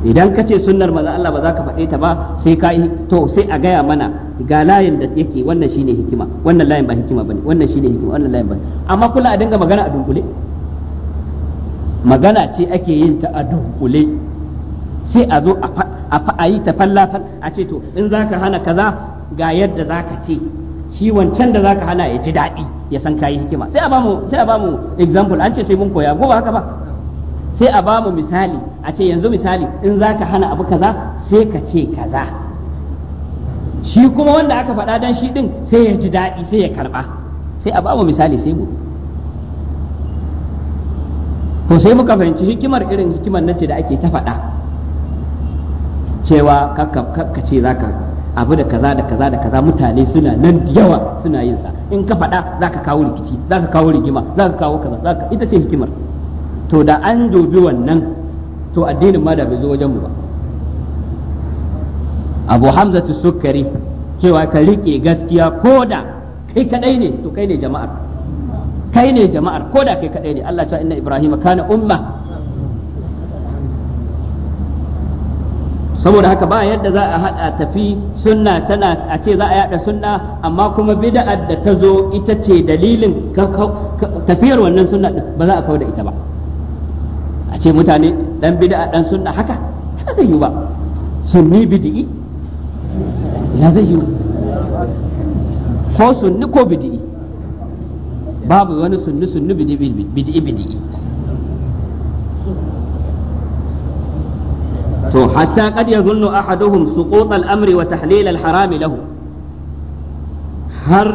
idan ka ce sunnar maza, Allah ba za ka faɗe ta ba sai ka yi to sai a gaya mana ga layin da yake wannan shine hikima wannan layin ba hikima bane wannan shine hikima wannan layin ba amma kula a dinga magana a dunkule magana ce ake yin ta a dunkule sai a zo a yi ta falla a ce to in za ka hana kaza ga yadda za ka ce shi wancan da zaka hana ya ji daɗi ya san kayi hikima sai a bamu sai a bamu example an ce sai mun koya gobe haka ba sai a bamu misali a ce yanzu misali in zaka hana abu kaza sai ka ce kaza shi kuma wanda aka faɗa dan shi din sai ya ji daɗi sai ya karba sai a bamu misali sai gobe to sai muka fahimci hikimar irin hikimar nace da ake ta faɗa cewa kakka ce zaka abu da kaza da kaza da kaza mutane suna nan da yawa suna yin sa in ka faɗa zaka kawo rikici zaka kawo rigima zaka kawo kaza zaka ita ce hikimar to da an dubi wannan to addinin ma da bai zo wajen mu ba Abu Hamza Sukkari cewa ka rike gaskiya koda kai kadai ne to kai ne jama'ar kai ne jama'ar koda kai kadai ne Allah ya ce inna Ibrahim kana umma saboda haka ba yadda za a haɗa tafi sunna tana a ce za a yada sunna amma kuma bid'ar da ta zo ita ce dalilin tafiyar wannan sunna ba za a kawo da ita ba a ce mutane dan bid'a dan sunna haka haka zai yi ba sunni bid'i ya zai yi ko sunni ko bid'i babu wani sunni sunni bid'i bid'i bid'i to hatta kad yazunnu ahaduhum suqut al-amri wa tahlil al-haram lahu har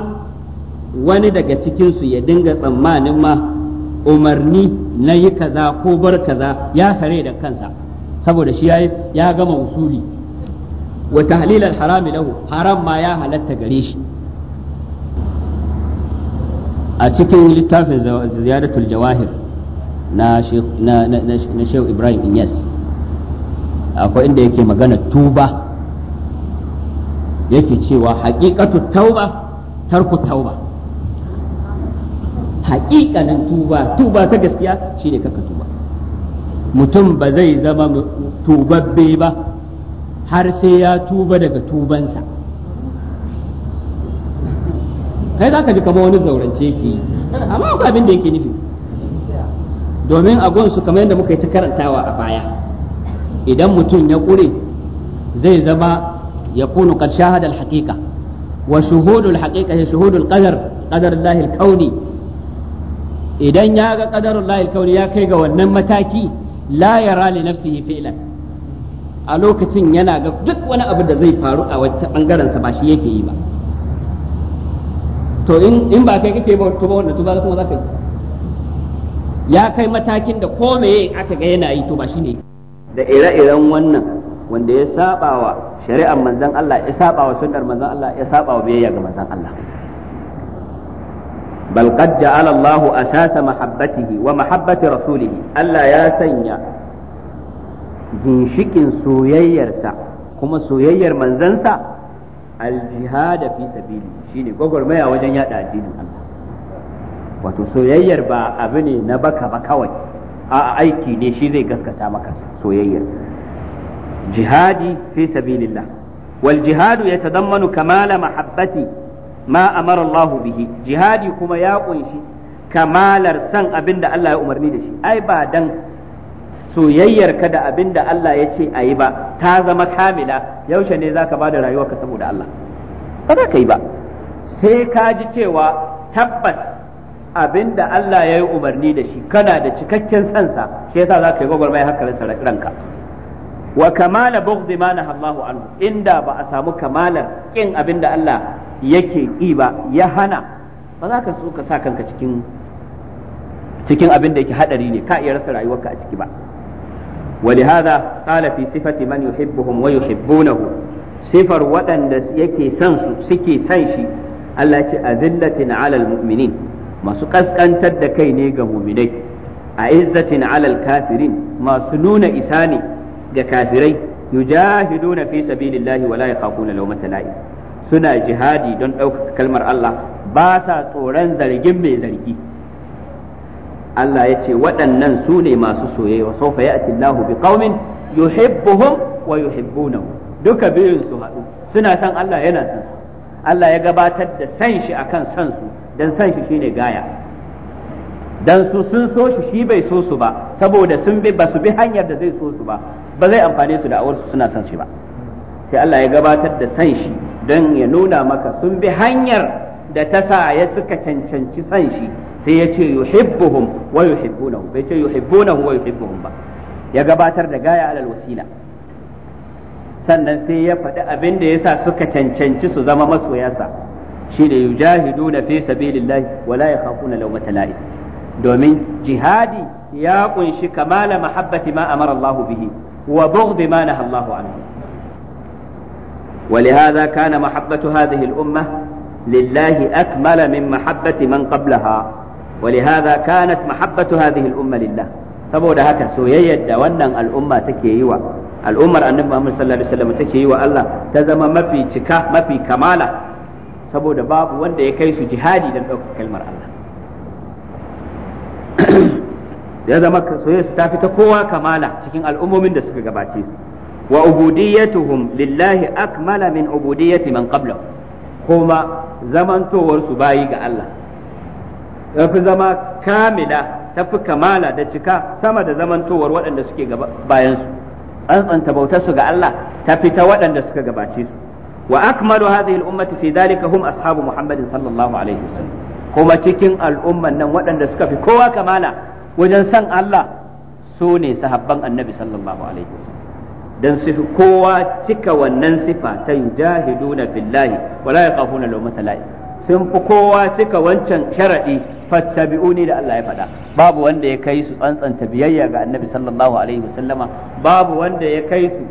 wani daga cikin su ya dinga tsammanin ma umarni na yi kaza ko bar kaza ya sare da kansa saboda shi ya gama usuli wa tahlil al-haram lahu haram ma ya halatta gare shi a cikin littafin ziyadatul jawahir na shehu ibrahim inyas akwai inda yake magana tuba yake cewa haƙiƙatu tauba tarku tauba haƙiƙanin tuba tuba ta gaskiya shine kaka tuba mutum ba zai zama tubabbe ba har sai ya tuba daga tubansa kai za ka ji kama wani zaurance ke amma akwai abin da yake nufi domin a gonsu kamar yadda muka yi ta karantawa a baya idan mutum ya ƙure zai zama ya kunu kan shahada al-haqiqa wa shuhudul haqiqa shuhudul qadar qadar lahil kauni idan ya ga qadarul lahil kauni ya kai ga wannan mataki la yara li nafsihi fi'lan a lokacin yana ga duk wani abu da zai faru a wata bangaren sa ba shi yake yi ba to in ba kai kake ba to ba wannan to ba kuma zaka yi ya kai matakin da ko meye aka ga yana yi to ba shi ne. da ire-iren wannan wanda ya wa shari'ar manzan Allah ya wa sunnar manzan Allah ya wa biyayya ga manzan Allah bal qad ja'ala Allahu asasa mahabbatihi wa mahabbati rasulihi Allah ya sanya ginshikin soyayyarsa kuma soyayyar manzansa aljihada fi sabili shine gwagwarmaya wajen yada addinin Allah wato soyayyar ba abu ne na baka ba kawai a aiki ne shi zai gaskata maka soyayyar jihadi fi sabilillah wal jihadu yatadammanu kamala mahabbati ma amara Allah bihi jihadi kuma ya kunshi kamalar san abin da Allah ya umarni da shi ai ba dan soyayyar ka da abin da Allah ya ce ayi ba ta zama kamila yaushe ne zaka bada rayuwarka saboda Allah ba za ka yi ba sai ka ji cewa tabbas abinda Allah ya yi umarni da shi kana da cikakken sansa shi yasa za ka yi gwagwarmaya haka ranka wa kamala bughdi ma nahallahu anhu inda ba a samu kamalar kin abinda Allah yake ki ba ya hana ba za ka so ka sa kanka cikin cikin abin da yake hadari ne ka iya rasa rayuwarka a ciki ba ولهذا قال في صفة من يحبهم ويحبونه sifar waɗanda yake son su suke son shi Allah ce azillatin alal mu'minin masu kaskantar da kai ne ga muminai a izzatin alal kafirin masu nuna isa ne ga kafirai yujahiduna fi sabilillahi wala yakhafuna lawmata la'im suna jihadi don ɗaukaka kalmar Allah ba sa tsoron zargin mai zargi Allah ya ce waɗannan su ne masu soyayya sawfa ya'ti Allahu bi qaumin yuhibbuhum wa yuhibbunahu duka biyun su haɗu suna san Allah yana san Allah ya gabatar da san shi akan san su dan san shi shine gaya dan su sun so shi shi bai so su ba saboda sun bi ba su bi hanyar da zai so su ba ba zai amfane su da awar su suna san shi ba sai Allah ya gabatar da san shi don ya nuna maka sun bi hanyar da ta sa ya suka cancanci san shi sai ya ce yuhibbuhum wa yuhibbunahu bai ce yuhibbunahu wa yuhibbuhum ba ya gabatar da gaya alal wasila sannan sai ya faɗi abin da yasa suka cancanci su zama masoyansa shine yujahiduna fi sabilillahi wa yakhafuna lawmata la'ib domin jihadi ya kunshi kamala mahabbati ma amara Allah bihi wa bughd ma naha Allah anhu ولهذا كان محبة هذه الأمة لله أكمل من محبة من قبلها ولهذا كانت محبة هذه الأمة لله saboda haka soyayyar da wannan al'umma take yi wa al'ummar annabi Muhammad sallallahu alaihi wasallam take yi wa Allah ta zama mafi cika mafi kamala saboda babu wanda ya kai su jihadi don ɗaukar kalmar Allah ya zama soyayya su tafi ta kowa kamala cikin al'ummomin da suka gabace su wa ubudiyyatuhum lillahi akmala min ubudiyyati man qabla kuma zamantowar su bayi ga Allah yafi zama kamila fi kamala da cika sama da zamantowar waɗanda suke bayan an tsanta bautar ga Allah tafi ta waɗanda suka gabace su واكمل هذه الامه في ذلك هم اصحاب محمد صلى الله عليه وسلم kuma cikin al'umman nan waɗanda suka fi kowa kamala wajen san Allah su ne sahabban annabi sallallahu dan kowa cika wannan sifa ta yujahiduna billahi wala yaqafuna lawmata la'im sun fi kowa cika wancan sharadi fattabi'uni da Allah ya faɗa babu wanda ya kai su tsantsanta biyayya ga annabi sallallahu alaihi wasallama babu wanda ya kai su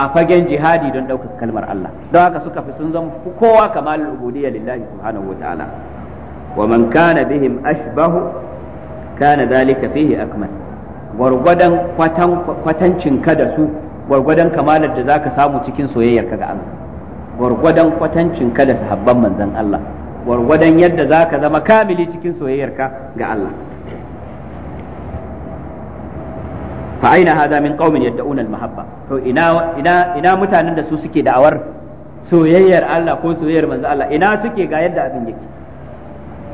a fagen jihadi don ɗaukar kalmar Allah don haka suka fi sun zama kowa kamalul ubudiyya lillahi subhanahu wa ta'ala wa man kana bihim ashbahu kana dhalika fihi akmal gwargwadon kwatancin ka da su gwargwadon kamalar da zaka samu cikin soyayyar ka ga Allah gwargwadon kwatancin ka da sahabban manzon Allah gwargwadon yadda zaka zama kamili cikin soyayyar ka ga Allah fa aina hada min qaumin yad'una al-mahabba to ina ina ina mutanen da su suke da'awar soyayyar Allah ko soyayyar manzo Allah ina suke ga yadda abin yake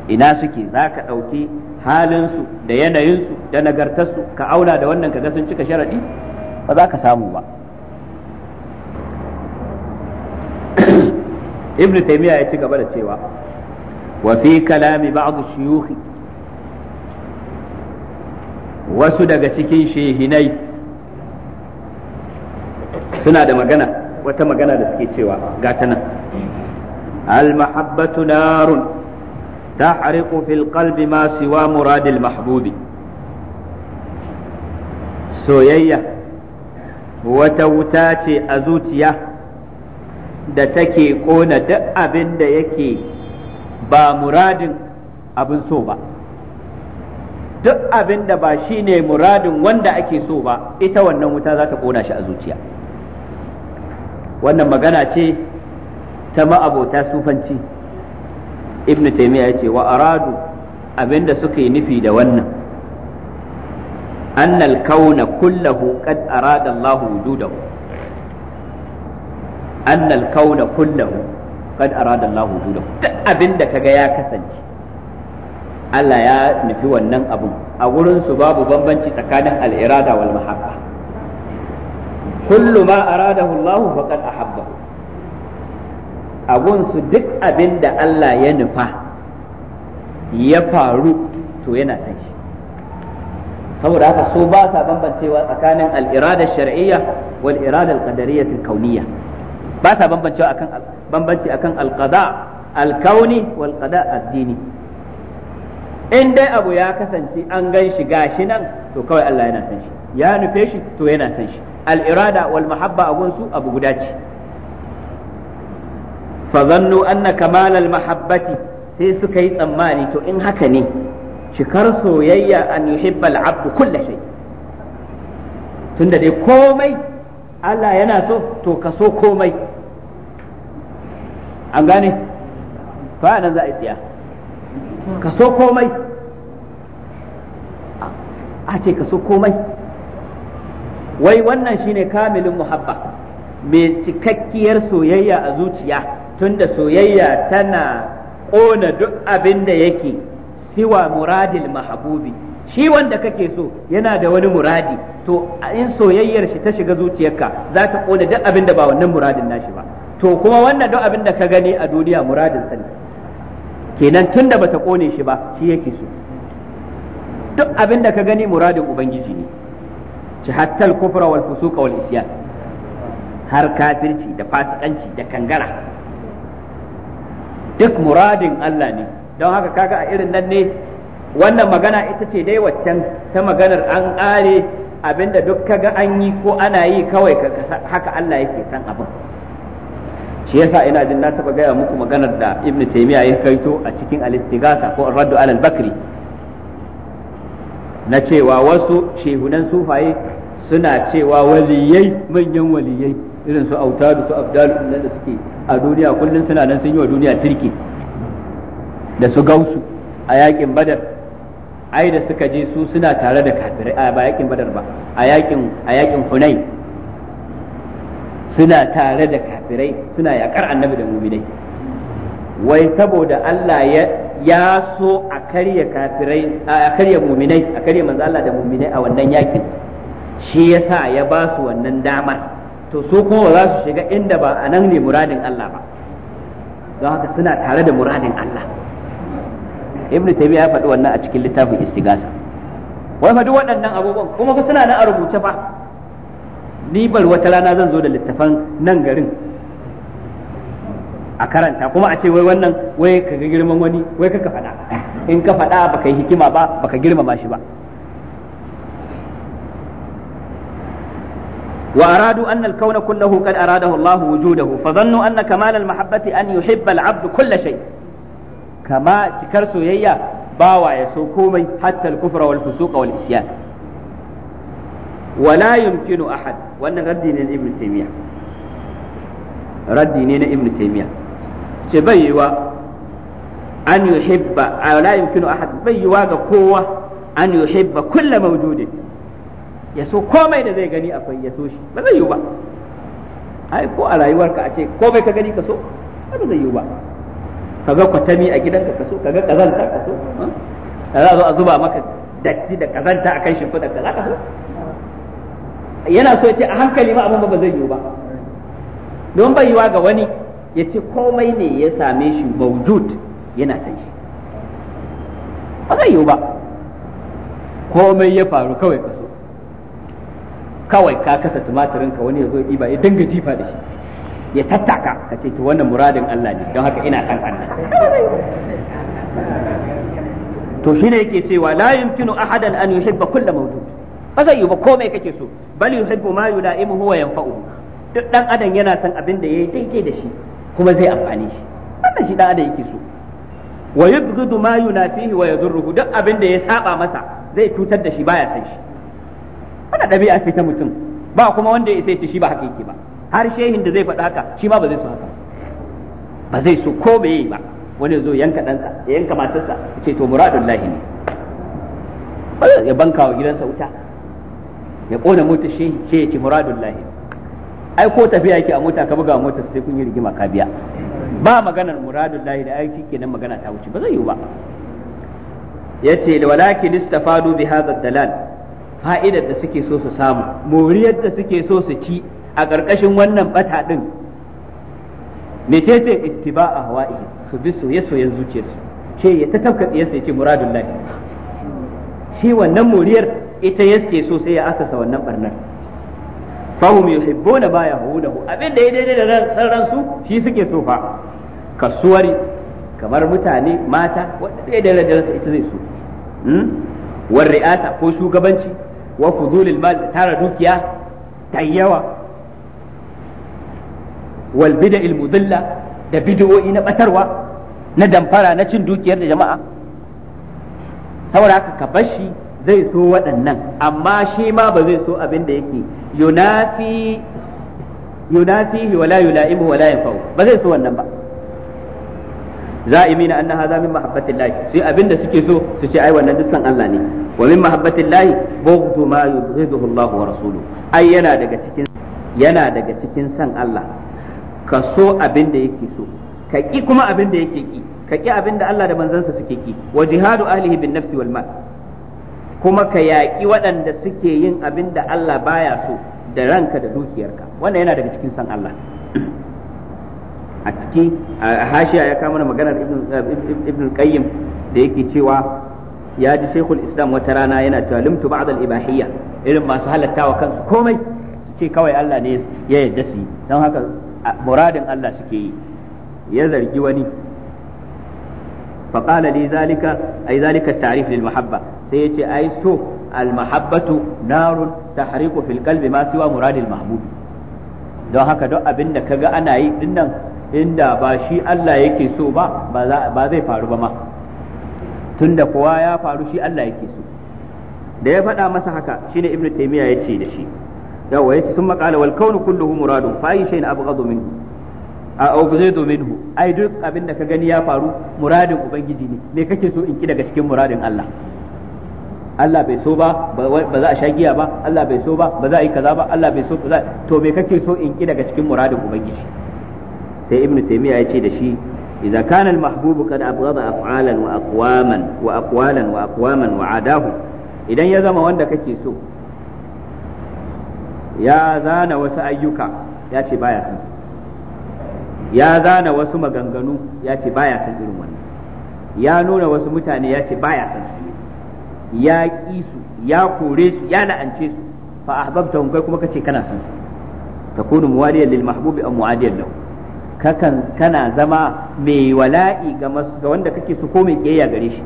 ina suke zaka dauki halin su da yanayinsu da nagartar ka auna da wannan kaga sun cika sharadi ba za ka samu ba ibnu taymiya ya ci gaba da cewa wa fi kalami ba'd shuyukh wasu daga cikin shehinai suna da magana wata magana da suke cewa gata nan المحبة نار تحرق في القلب ما سوى مراد المحبوب سويا وتوتاتي أزوتيا da take ƙona duk abinda da yake ba muradin abin so ba duk abin da ba shi ne muradin wanda ake so ba ita wannan wuta za ta kona shi a zuciya wannan magana ce ta ma'abota sufanci ibn taimiyya ya ce wa aradu abin da suka yi nufi da wannan annal kauna kullahu qad arada Allah wujudahu annal kauna kullahu qad arada Allah wujudahu duk abin da kaga ya kasance Allah ya nufi wannan abun a gurin su babu bambanci tsakanin al'irada irada wal mahabba kullu ma aradahu Allah faqad ahabbahu a su duk abin da Allah ya nufa ya faru to yana san shi saboda haka so ba sa bambancewa tsakanin al'irada irada shar'iyya wal irada al-qadariyya kauniyya ba sa bambancewa akan bambanci akan al-qada al-kauni wal qada ad-dini in dai abu ya kasance an gan shi gashi nan to kawai Allah yana san shi ya nufe shi to yana san shi al-irada wal mahabba abun su abu guda ce fa zannu anna kamal al mahabbati sai suka yi tsammani to in haka ne shikar soyayya an yuhibba al abdu kullu shay tunda dai komai Allah yana so to ka so komai an gane fa nan za a tsaya ka so komai a ce ka so komai wai wannan shine kamilin muhabba mai cikakkiyar soyayya a zuciya tunda soyayya tana ƙona duk abin da yake siwa muradil mahabubi shi wanda kake so yana da wani muradi to in soyayyar shi ta shiga zuciyarka za ta ƙona duk abin da ba wannan muradin nashi ba to kuma wannan duk abin da ka gani a duniya muradin sani kenan tun da bata kone shi ba shi yake so duk abin da ka gani muradin ubangiji ne ci hattal kufra wal fusuqa wal isyan har kafirci da fasikanci da kangara duk muradin Allah ne don haka kaga a irin nan ne wannan magana ita ce dai waccan ta maganar an ƙare abinda duk kaga an yi ko ana yi kawai haka Allah yake san abin shi yasa ina jin na taba gaya muku maganar da ibn taymiya ya kaito a cikin al-istighatha ko ar-radd ala al-bakri na cewa wasu shehunan sufaye suna cewa waliyai manyan waliyai irin su autadu su abdalu nan da suke a duniya kullun suna nan sun yi wa duniya tirki? da su gausu a yakin badar ai da suka je su suna tare da kafirai ba yakin badar ba a yakin a yakin hunain suna tare da kafirai kafirai suna yakar annabi da mu'minai wai saboda Allah ya ya so a karya kafirai a karya mu'minai a karya manzo Allah da mu'minai a wannan yakin shi yasa ya ba su wannan damar to su kuma za su shiga inda ba a nan ne muradin Allah ba don haka suna tare da muradin Allah ibnu taymiya ya faɗi wannan a cikin littafin istigasa wai fa duk waɗannan abubuwan kuma fa suna nan a rubuce ba ni bal wata rana zan zo da littafan nan garin a karanta kuma a ce wai wannan wai ka ga girman wani wai ka faɗa in ka faɗa baka yi hikima ba baka girmama shi ba وأرادوا أن الكون كله قد أراده الله وجوده فظنوا أن كمال المحبة أن يحب العبد كل شيء كما تكر سويا باوا يسوكومي حتى الكفر والفسوق والإسيان ولا يمكن أحد وأن ردي ابن تيمية ردي ابن تيمية ce bai yiwa an yuhibba la yumkinu ahad bai yiwa ga kowa an yuhibba kullu mawjudin ya so komai da zai gani akwai ya so shi ba zai yiwu ba ai ko a rayuwarka a ce komai ka gani ka so ba zai yiwu ba ka ga kwatami a gidanka ka so ka ga kazanta ka so ka za zo a zuba maka datti da kazanta a kan shimfiɗar ka za ka so yana so ce a hankali ma abin ba zai yiwu ba don bai yiwa ga wani ya ce komai ne ya same shi mawjud yana san shi ba zai yiwu ba komai ya faru kawai ka so kawai ka kasa tumatirin ka wani ya zo ba ya dinga jifa da shi ya tattaka ka ce to wannan muradin Allah ne don haka ina san Allah to shi ne yake cewa la yumkinu ahadan an yuhibba kull mawjud ba zai yiwu ba komai kake so bal yuhibbu ma yula'imu huwa yanfa'u duk dan adam yana son abin da yayi daidai da shi kuma zai amfani shi wannan shi dan adam yake so wa yubghidu ma yunafihi wa yadurruhu duk abin da ya saba masa zai cutar da shi baya san shi wannan dabi'a ce ta mutum ba kuma wanda ya sai shi ba haka yake ba har shehin da zai faɗa haka shi ma ba zai so haka ba zai so ko bai yi ba wani zo yanka ɗansa ya yanka matarsa ya ce to muradun lahi ne ya banka wa gidansa wuta ya ƙona mota shi ce ya ce muradun ai ko tafiya yake a mota ka buga mota sai kun yi rigima ka biya ba maganar muradun lahi da ai kenan magana ta wuce ba zai yi ba yace walakin istafadu bi hadha dalal fa'idar da suke so su samu moriyar da suke so su ci a ƙarƙashin wannan bata din ce ittiba'a hawa'i su bi soye soyen zuciyarsu ce ya ta tafka tsiyarsa yace muradun lahi shi wannan moriyar ita yake so sai ya asasa wannan barnar fahum yuhibbuna ma yahudahu abin da ya daidai da ran ransu shi suke so fa kasuwari kamar mutane mata wanda ya daidai da ransa ita zai so hmm? Wan ri'asa ko shugabanci wa fudulil tara dukiya ta yawa wal da Ilmuzilla da bid'o'i na batarwa na damfara na cin dukiyar da jama'a saboda haka ka bashi zai so waɗannan amma shi ma ba zai so abin da yake yunafi yunafihi wala yulaimu wala yanfa'u ba zai so wannan ba za'imina anna hadha min mahabbatillahi sai abinda suke so su ce ai wannan duk Allah ne wa min mahabbatillahi bughdu ma yubghiduhu Allah wa rasuluhu ai yana daga cikin san Allah ka so abinda yake so ka kuma abinda yake ki ka abinda Allah da manzansa suke ki wa jihadu ahlihi bin nafsi kuma ka yaƙi waɗanda suke yin abin da Allah baya so da ranka da dukiyarka wannan yana daga cikin san Allah a ciki hashiya ya kama maganar ibn qayyim da yake cewa ya ji shekul islam wata rana yana cewa limtu ba'd al ibahiyya irin masu halattawa kansu komai suke kawai Allah ne ya yarda su yi don haka muradin Allah suke yi ya zargi wani فقال لي ذلك أي ذلك التعريف sai ya ce ai so almahabbatu narun tahriqu fil qalbi ma siwa muradil mahmud don haka duk abin da kaga ana yi dinnan inda ba shi Allah yake so ba ba zai faru ba ma tunda kowa ya faru shi Allah yake so da ya faɗa masa haka shine ibnu taymiya ce da shi yawa yace sun maƙala wal kaunu kulluhu muradun fa ayi shay'in abghadu minhu a ubghadu minhu ai duk abin da ka gani ya faru muradin ubangiji ne me kake so in ki daga cikin muradin Allah Allah bai so ba ba za a sha giya ba Allah bai so ba ba za a yi kaza ba Allah bai so ba za to me kake so in ki daga cikin muradin ubangiji sai ibnu taymiya ya ce da shi idza kana al mahbubu kad abghada af'alan wa aqwaman wa aqwalan wa aqwaman wa adahu idan ya zama wanda kake so ya zana wasu ayyuka ya ce baya san ya zana wasu maganganu ya ce baya san irin wannan ya nuna wasu mutane ya ce baya san ya ƙi su ya kore su ya la'ance su fa ahbabtahum kai kuma kace kana son su takunu muwaliyan lil mahbubi am muadiyan lahu kakan kana zama mai wala'i ga ga wanda kake so ko mai kiyaya gare shi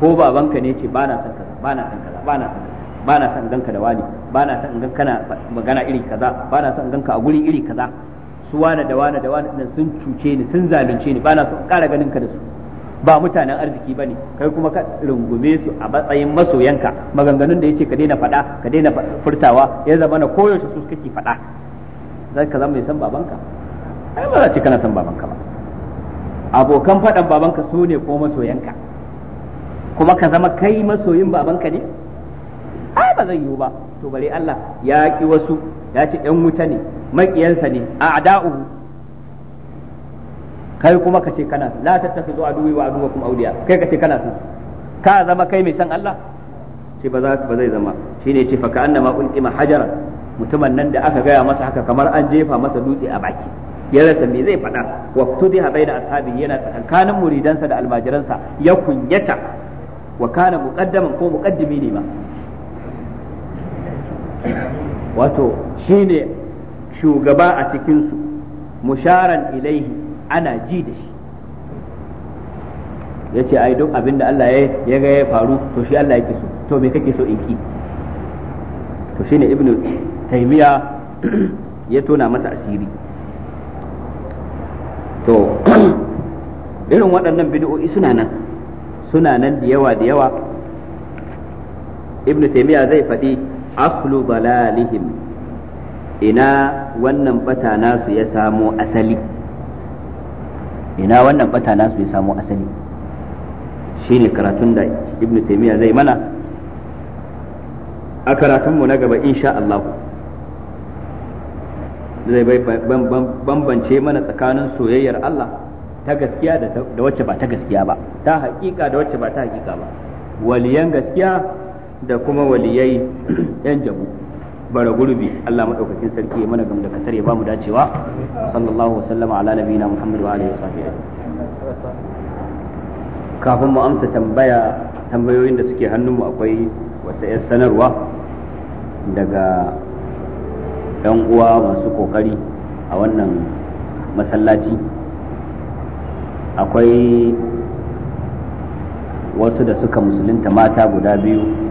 ko babanka ne ce ba na son kaza ba na son kaza ba na son kaza ba na son ganka da wani ba na son ganka kana magana iri kaza ba na son ganka a guri iri kaza su wani da wani da wani sun cuce ni sun zalunce ni ba na son ƙara ganin ka da su ba mutanen arziki bane kai kuma ka rungume su a matsayin masoyanka maganganun da yace ka daina faɗa ka daina furtawa ya zama na koyaushe su kake faɗa za ka zama mai san babanka ai ba za ka kana san babanka ba abokan faɗan babanka su ne ko masoyanka kuma ka zama kai masoyin babanka ne ai ba zai yiwu ba to bare Allah ya ki wasu ya ce ɗan wuta ne maƙiyansa ne a'da'uhu kai kuma kace kana su la tattakhidhu aduwi wa aduwakum awliya kai kace kana su ka zama kai mai san Allah ce ba za ba zai zama shine ce fa ka annama ulqima hajaran mutumin nan da aka gaya masa haka kamar an jefa masa dutse a baki ya rasa me zai faɗa wa tudiha baina ashabi yana tsakankanin muridansa da almajiransa ya kunyata wa kana muqaddaman ko muqaddimi ne ma wato shine shugaba a cikinsu musharan ilaihi ana ji da shi ya ce ai duk abin da Allah ya ga ya faru to shi Allah yake so to me kake so in ki to shine ibnu taymiya ya tona masa asiri to irin waɗannan bid'o'i suna nan suna nan da yawa da yawa ibnu taymiya zai faɗi aslu dalalihim ina wannan bata nasu ya samo asali ina wannan bata nasu ya samo asali ne karatun da ibn taimiyya zai mana a karatunmu na gaba insha Allah zai bambance mana tsakanin soyayyar Allah ta gaskiya da wacce ba ta gaskiya ba ta hakika da wacce ba ta hakika ba waliyan gaskiya da kuma waliyai yan jabu bara gurbi Allah madaukakin sarki ya mana da katar ya bamu dacewa sallallahu wa sallama ala nabiyina Muhammad wa alihi wa kafin mu amsa tambaya tambayoyin da suke mu akwai wata yar sanarwa daga yan uwa masu kokari a wannan masallaci akwai wasu da suka musulunta mata guda biyu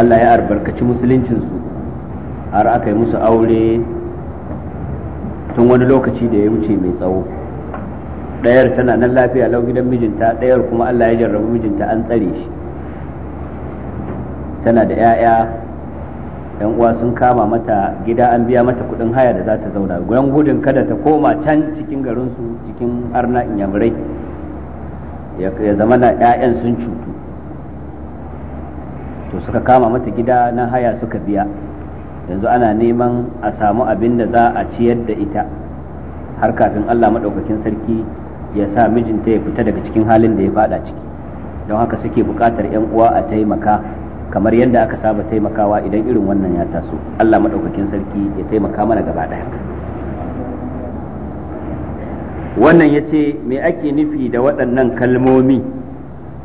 Allah ya albarkaci musuluncinsu har aka yi musu aure tun wani lokaci da ya wuce mai tsawo ɗayar tana nan lafiya lau gidan mijinta ɗayar kuma Allah ya jarrabu mijinta an tsare shi tana da 'ya'ya yan uwa sun kama mata gida an biya mata kuɗin haya da za ta zauna gudan gudun kada ta koma can cikin garinsu cikin harna inyamurai ya zama na 'ya'yan sun cutu to suka kama mata gida na haya suka biya yanzu ana neman a samu abin da za a ciyar da ita har kafin Allah maɗaukakin sarki ya sa mijinta ya fita daga cikin halin da ya fada ciki don haka suke buƙatar 'yan uwa a taimaka kamar yadda aka saba taimakawa idan irin wannan ya taso Allah maɗaukakin sarki ya taimaka mana gaba ɗaya wannan ya ce me ake nufi da waɗannan kalmomi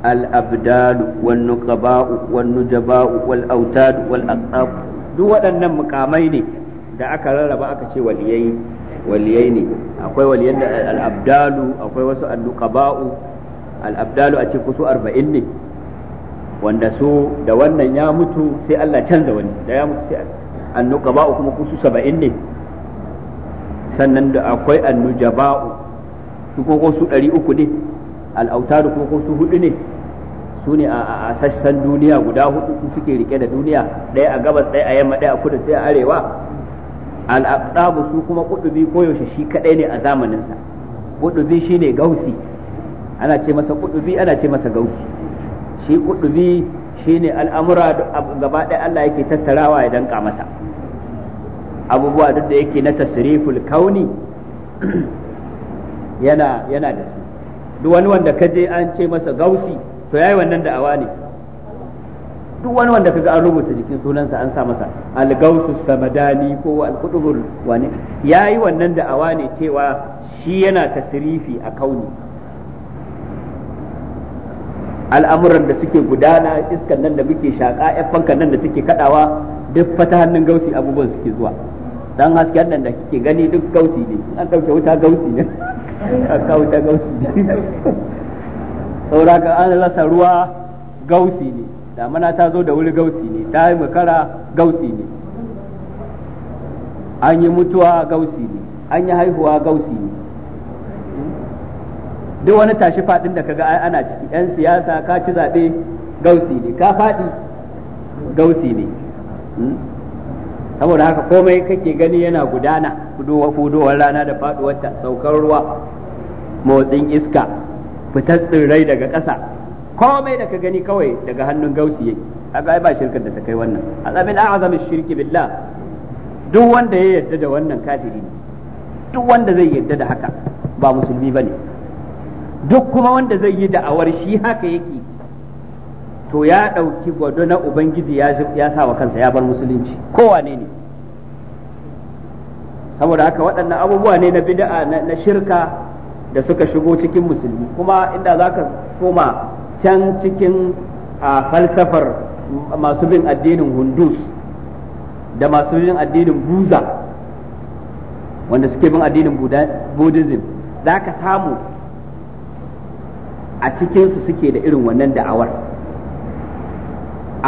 al-abdal wal nuqaba wal nujaba wal autad wal aqab duk waɗannan mukamai ne da aka rarraba aka ce waliyai waliyai ne akwai waliyan da al-abdalu akwai wasu al-nuqaba'u al-abdalu a ce kusu 40 ne wanda su da wannan ya mutu sai Allah canza wani da ya mutu sai an-nuqaba'u kuma kusu 70 ne sannan da akwai annujaba'u su ko su ɗari uku ne al'autaru ko su hudu ne su ne a sassan duniya guda hudu su suke rike da duniya ɗaya a gabas ɗaya a yamma ɗaya a kudu sai a arewa al'aqdabu su kuma kudubi koyaushe shi kadai ne a zamaninsa kudubi shine gausi ana ce masa kudubi ana ce masa gausi shi kudubi shine al'amura gaba ɗaya Allah yake tattarawa ya danka masa abubuwa duk da yake na tasriful kauni yana yana da su duk wani wanda kaje an ce masa gausi to yayi wannan da'awa ne duk wani wanda kaga an rubuta jikin sunansa an sa masa al-gausu samadani ko al-qutubul wani yayi wannan da'awa ne cewa shi yana tasrifi a kauni al'amuran da suke gudana iskan nan da muke shaka fankan nan da suke kadawa duk fata hannun gausi abubuwan suke zuwa dan haske nan da kike gani duk gausi ne an dauke wuta gausi ne a kawo wuta gausi ne saura ga an rasa ruwa gausi ne damana ta zo da wuri gausi ne ta yi makara gausi ne an yi mutuwa gausi ne an yi haihuwa gausi ne duk wani tashi fadin da kaga ai ana ciki yan siyasa ka ci zaɓe gausi ne ka faɗi gausi ne hmm? saboda haka komai kake gani yana gudana fudowar rana da faduwar saukar ruwa motsin iska fitar tsirrai daga ƙasa komai da ka gani kawai daga hannun gausi yake kaga ba shirkar da ta kai wannan azamin shirki billa duk wanda ya yarda da wannan kafiri ne duk wanda zai yarda da haka ba musulmi bane duk kuma wanda zai yi da'awar shi haka yake to ya ɗauki gwado na ubangiji ya sa wa kansa ya bar musulunci kowane ne saboda haka waɗannan abubuwa ne na bid'a na shirka da suka shigo cikin musulmi kuma inda za ka koma can cikin a falsafar masu bin addinin hundus da masu bin addinin buza wanda suke bin addinin buddhism za ka samu a cikinsu suke da irin wannan da'awar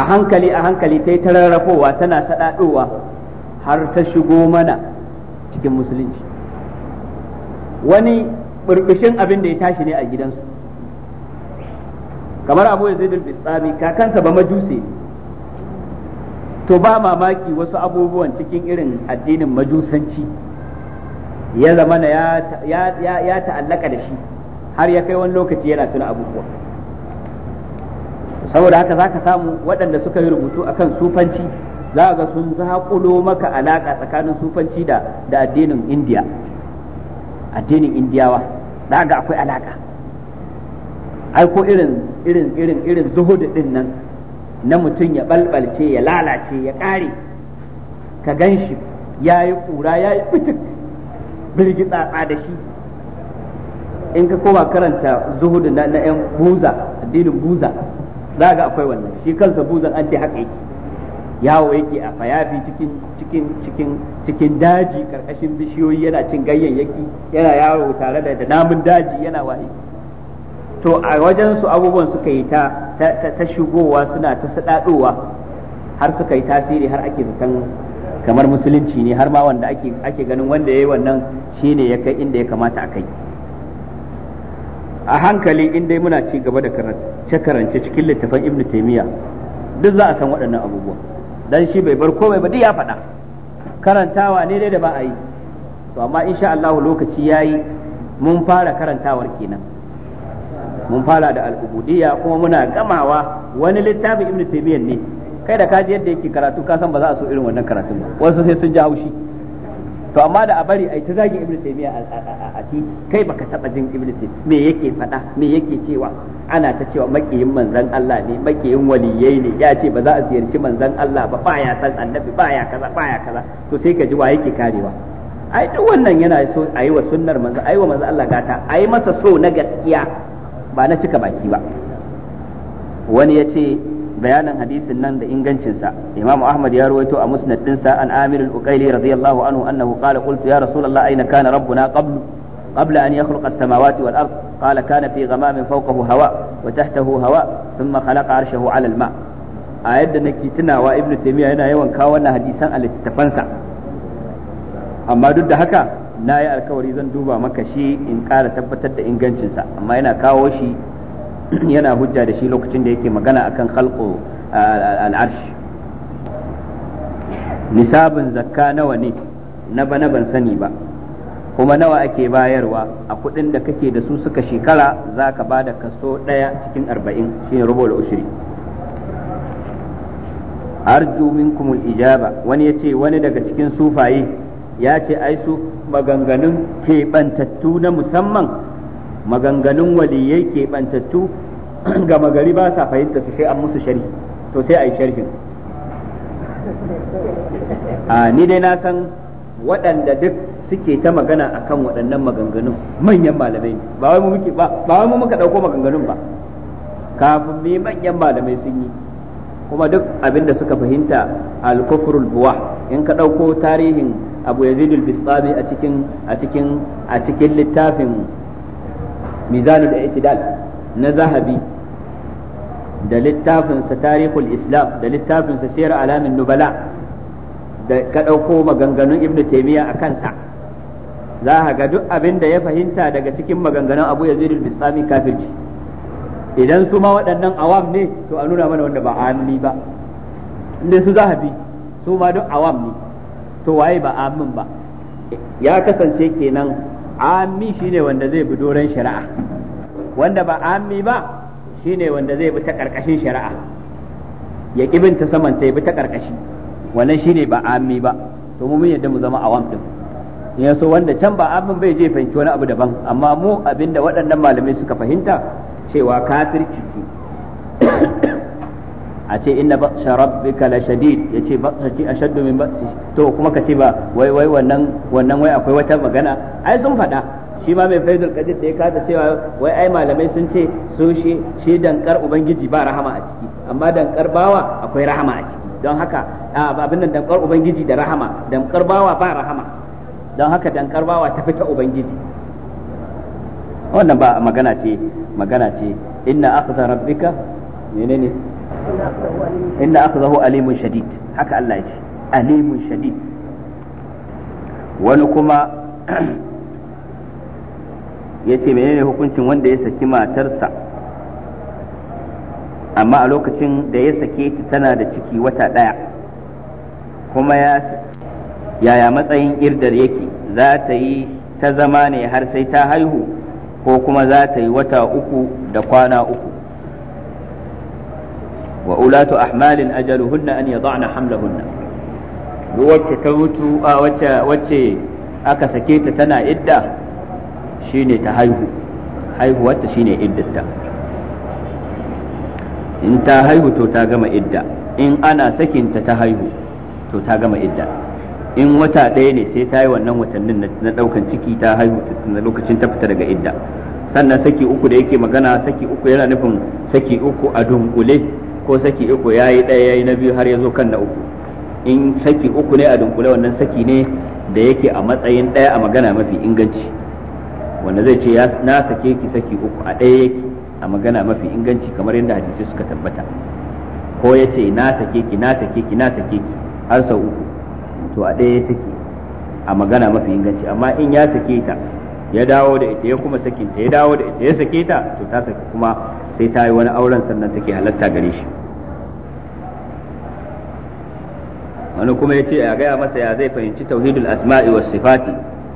a hankali a hankali ta yi tararrafowa tana saɗaɗowa har ta shigo mana cikin musulunci wani burbushin abin da ya tashi ne a gidansu kamar abu zai al tsami kakansa ba majusi to ba mamaki wasu abubuwan cikin irin addinin majusanci ya zama na ya ta'allaka da shi har ya kai wani lokaci yana tuna abubuwa saboda haka za ka samu waɗanda suka yi rubutu akan sufanci za ga sun zaƙulo maka alaƙa tsakanin sufanci da addinin indiya addinin indiyawa da ga akwai alaka ai ko irin irin irin irin zuhudu din nan na mutum ya balbalce ya lalace ya kare ka gan shi ya yi kura ya yi fitik birgi tsatsa da shi in ka koma karanta zuhudu na na yan buza addinin buza za ga akwai wannan shi kansa buzan an ce haka yake yawo yake a fayafi cikin cikin cikin cikin daji karkashin bishiyoyi yana cin ganyayyaki yana yaro tare da namun daji yana waye to a wajen su abubuwan suka yi ta ta shigowa suna ta sadadowa har suka yi tasiri har ake zaton kamar musulunci ne har ma wanda ake ake ganin wanda yayi wannan shine ya kai inda ya kamata a kai a hankali in dai muna ci gaba da karance karance cikin littafin ibnu taymiya duk za a san waɗannan abubuwa dan shi bai bar komai ba duk ya faɗa karantawa ne dai da ba a yi to amma insha Allah lokaci yayi mun fara karantawar kenan mun fara da al-ubudiyya kuma muna gamawa wani littafin ibnu taymiyyah ne kai da kaji yadda yake karatu ka san ba za a so irin wannan karatun ba wasu sai sun ji haushi to amma da a bari a yi ta zagin ibn taymiya a ci kai baka taba jin Ibn taymiya me yake fada me yake cewa ana ta cewa makiyin manzon Allah ne makiyin waliyai ne ya ce ba za a ziyarci manzon Allah ba ba ya san annabi ya kaza ba ya kaza to sai ka ji wa yake karewa ai duk wannan yana so a yi wa sunnar manzo ai wa Allah gata ai masa so na gaskiya ba na cika baki ba wani ya ce bayanin hadisin nan da ingancinsa imam ahmad ya ruwaito a musnad dinsa an amir al-uqayli radiyallahu anhu annahu qala qultu ya rasulullah aina kana rabbuna qablu قبل أن يخلق السماوات والأرض قال كان في غمام فوقه هواء وتحته هواء ثم خلق عرشه على الماء آيات نكي تناوى ابن تيمية هنا يوان كاوانا حديثا التي تفنسا أما ضد هكا na yi alkawari zan duba maka shi in ƙara tabbatar da ingancinsa amma yana kawo shi yana hujja da shi lokacin da yake magana akan khalqu al-arsh nisabin zakka nawa ne na bana ban sani ba kuma nawa ake bayarwa a kuɗin da kake da su suka shekara za ka ba da kaso ɗaya cikin arba'in shine rubo da ushiri arju minkum ijaba wani ya ce wani daga cikin sufaye ya ce ai su maganganun keɓantattu na musamman maganganun waliyai ke bantattu ga magari ba sa fahimta su sai an musu sharhi to sai a yi sharhin a ni dai na san waɗanda duk suke ta magana akan waɗannan maganganun manyan malamai ne ba wai mu muke ba ba wai mu muka ɗauko maganganun ba kafin mu manyan malamai sun yi kuma duk abin da suka fahimta al-kufrul buwa in ka ɗauko tarihin abu yazid al-bistami a cikin a cikin a cikin littafin mizanul i'tidal na zahabi da littafinsa tarihul islam da littafinsa siyar alamin nubala da ka maganganun ibnu taimiyya a kansa za a ga duk abin da ya fahimta daga cikin maganganun abu ya zidul bisami kafirci idan su ma waɗannan awam ne to a nuna mana wanda ba amini ba inda su zahabi su ma duk awam ne to waye ba amin ba ya kasance kenan ammi shine wanda zai bi doron shari'a wanda ba ammi ba shine wanda zai bi ta karkashin shari'a ya kibin ta saman ta bi ta karkashi wannan shine ba ammi ba to mu mun yadda mu zama awam din ya so wanda can ba abin bai je fanki wani abu daban amma mu abinda waɗannan malamai suka fahimta cewa kafirci ce a ce inna batsha rabbika la shadid yace batsati ashaddu min batsi to kuma ka ce ba wai wai wannan wannan wai akwai wata magana ai sun faɗa shi ma mai faidul qadir da ya kasa cewa wai ai malamai sun ce so shi shi dankar ubangiji ba rahama a ciki amma dankar bawa akwai rahama a ciki don haka abin nan dankar ubangiji da rahama dankar bawa ba rahama don haka dankar bawa ta fita ubangiji wannan ba magana ce magana ce inna akhdha rabbika menene inna akhadhahu alimun shadid haka Allah alimun shadid wani kuma yace menene hukuncin wanda ya saki matarsa amma a lokacin da ya sake ta tana da ciki wata daya kuma ya yaya matsayin irdar yake za ta yi ta zama ne har sai ta haihu ko kuma za ta yi wata uku da kwana uku wa ulatu ahmalin ajaluhunna an yada'na hamlahunna wacce ta mutu a wacce wacce aka sake ta tana idda shine ta haihu haihuwarta shine iddata in ta haihu to ta gama idda in ana sakinta ta haihu to ta gama idda in wata ɗaya ne sai ta yi wannan watannin na ɗaukan ciki ta haihu na lokacin ta fita daga idda sannan saki uku da yake magana saki uku yana nufin saki uku a dunkule ko saki uku ya yi ɗaya ya yi na biyu har ya zo kan na uku in saki uku ne a dunkule wannan saki ne da yake a matsayin ɗaya a magana mafi inganci wanda zai ce na sake ki saki uku a ɗaya yake a magana mafi inganci kamar yadda hadisi suka tabbata ko ya ce na sake ki na sake ki na sake ki har sau uku to a ɗaya ya sake a magana mafi inganci amma in ya sake ta ya dawo da ita ya kuma sakinta ya dawo da ita ya sake ta to ta saki kuma sai ta yi wani auren sannan take halatta gare shi wani kuma ya ce a gaya masa ya zai fahimci tauhidul asma'i was sifati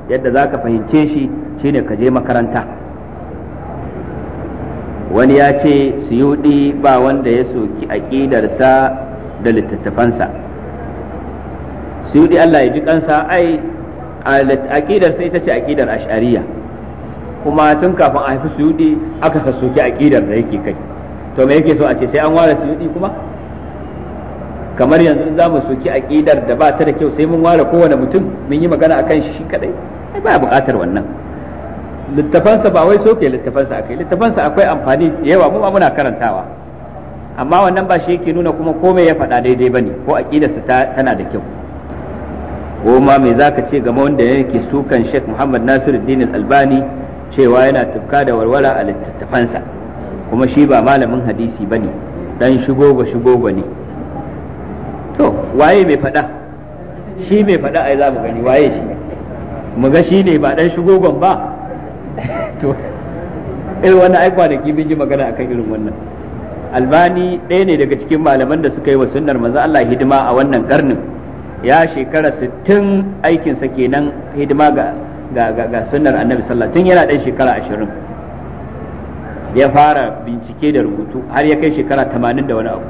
yadda za ka fahimce shi shine ka je makaranta wani ya ce suyuɗi ba wanda ya soki aƙidarsa da littattafansa suyuɗi Allah ya ji kansa ai aƙidarsa ita ce aƙidar ash'ariya kuma tun kafin a haifi suyudi aka sassoki aqidar da yake kai to me yake so a ce sai an ware suyudi kuma kamar yanzu za mu soki aqidar da ba ta da kyau sai mun ware kowane mutum mun yi magana akan shi shi kadai ai baya buƙatar wannan littafansa ba wai soke littafansa akai littafansa akwai amfani da yawa mu ba muna karantawa amma wannan ba shi yake nuna kuma komai ya faɗa daidai bane ko aqidarsa tana da kyau ko ma me zaka ce game wanda yake sukan Sheikh Muhammad Nasiruddin Albani cewa yana tufka da warwara a littattafansa kuma shi ba malamin hadisi ba bane dan shigo ba ne to waye mai faɗa shi mai faɗa ai za mu gani waye shi mu ga shi ne ba dan shigogon ba to irin wannan ai kwanaki bin ji magana akan irin wannan albani ɗaya ne daga cikin malaman da suka yi wa sunnar manzo Allah hidima a wannan karnin ya shekara 60 aikinsa kenan hidima ga ga sunnar annabi sallallahu tun yana ɗan shekara 20 ya fara bincike da rubutu har ya kai shekara 80 da wani abu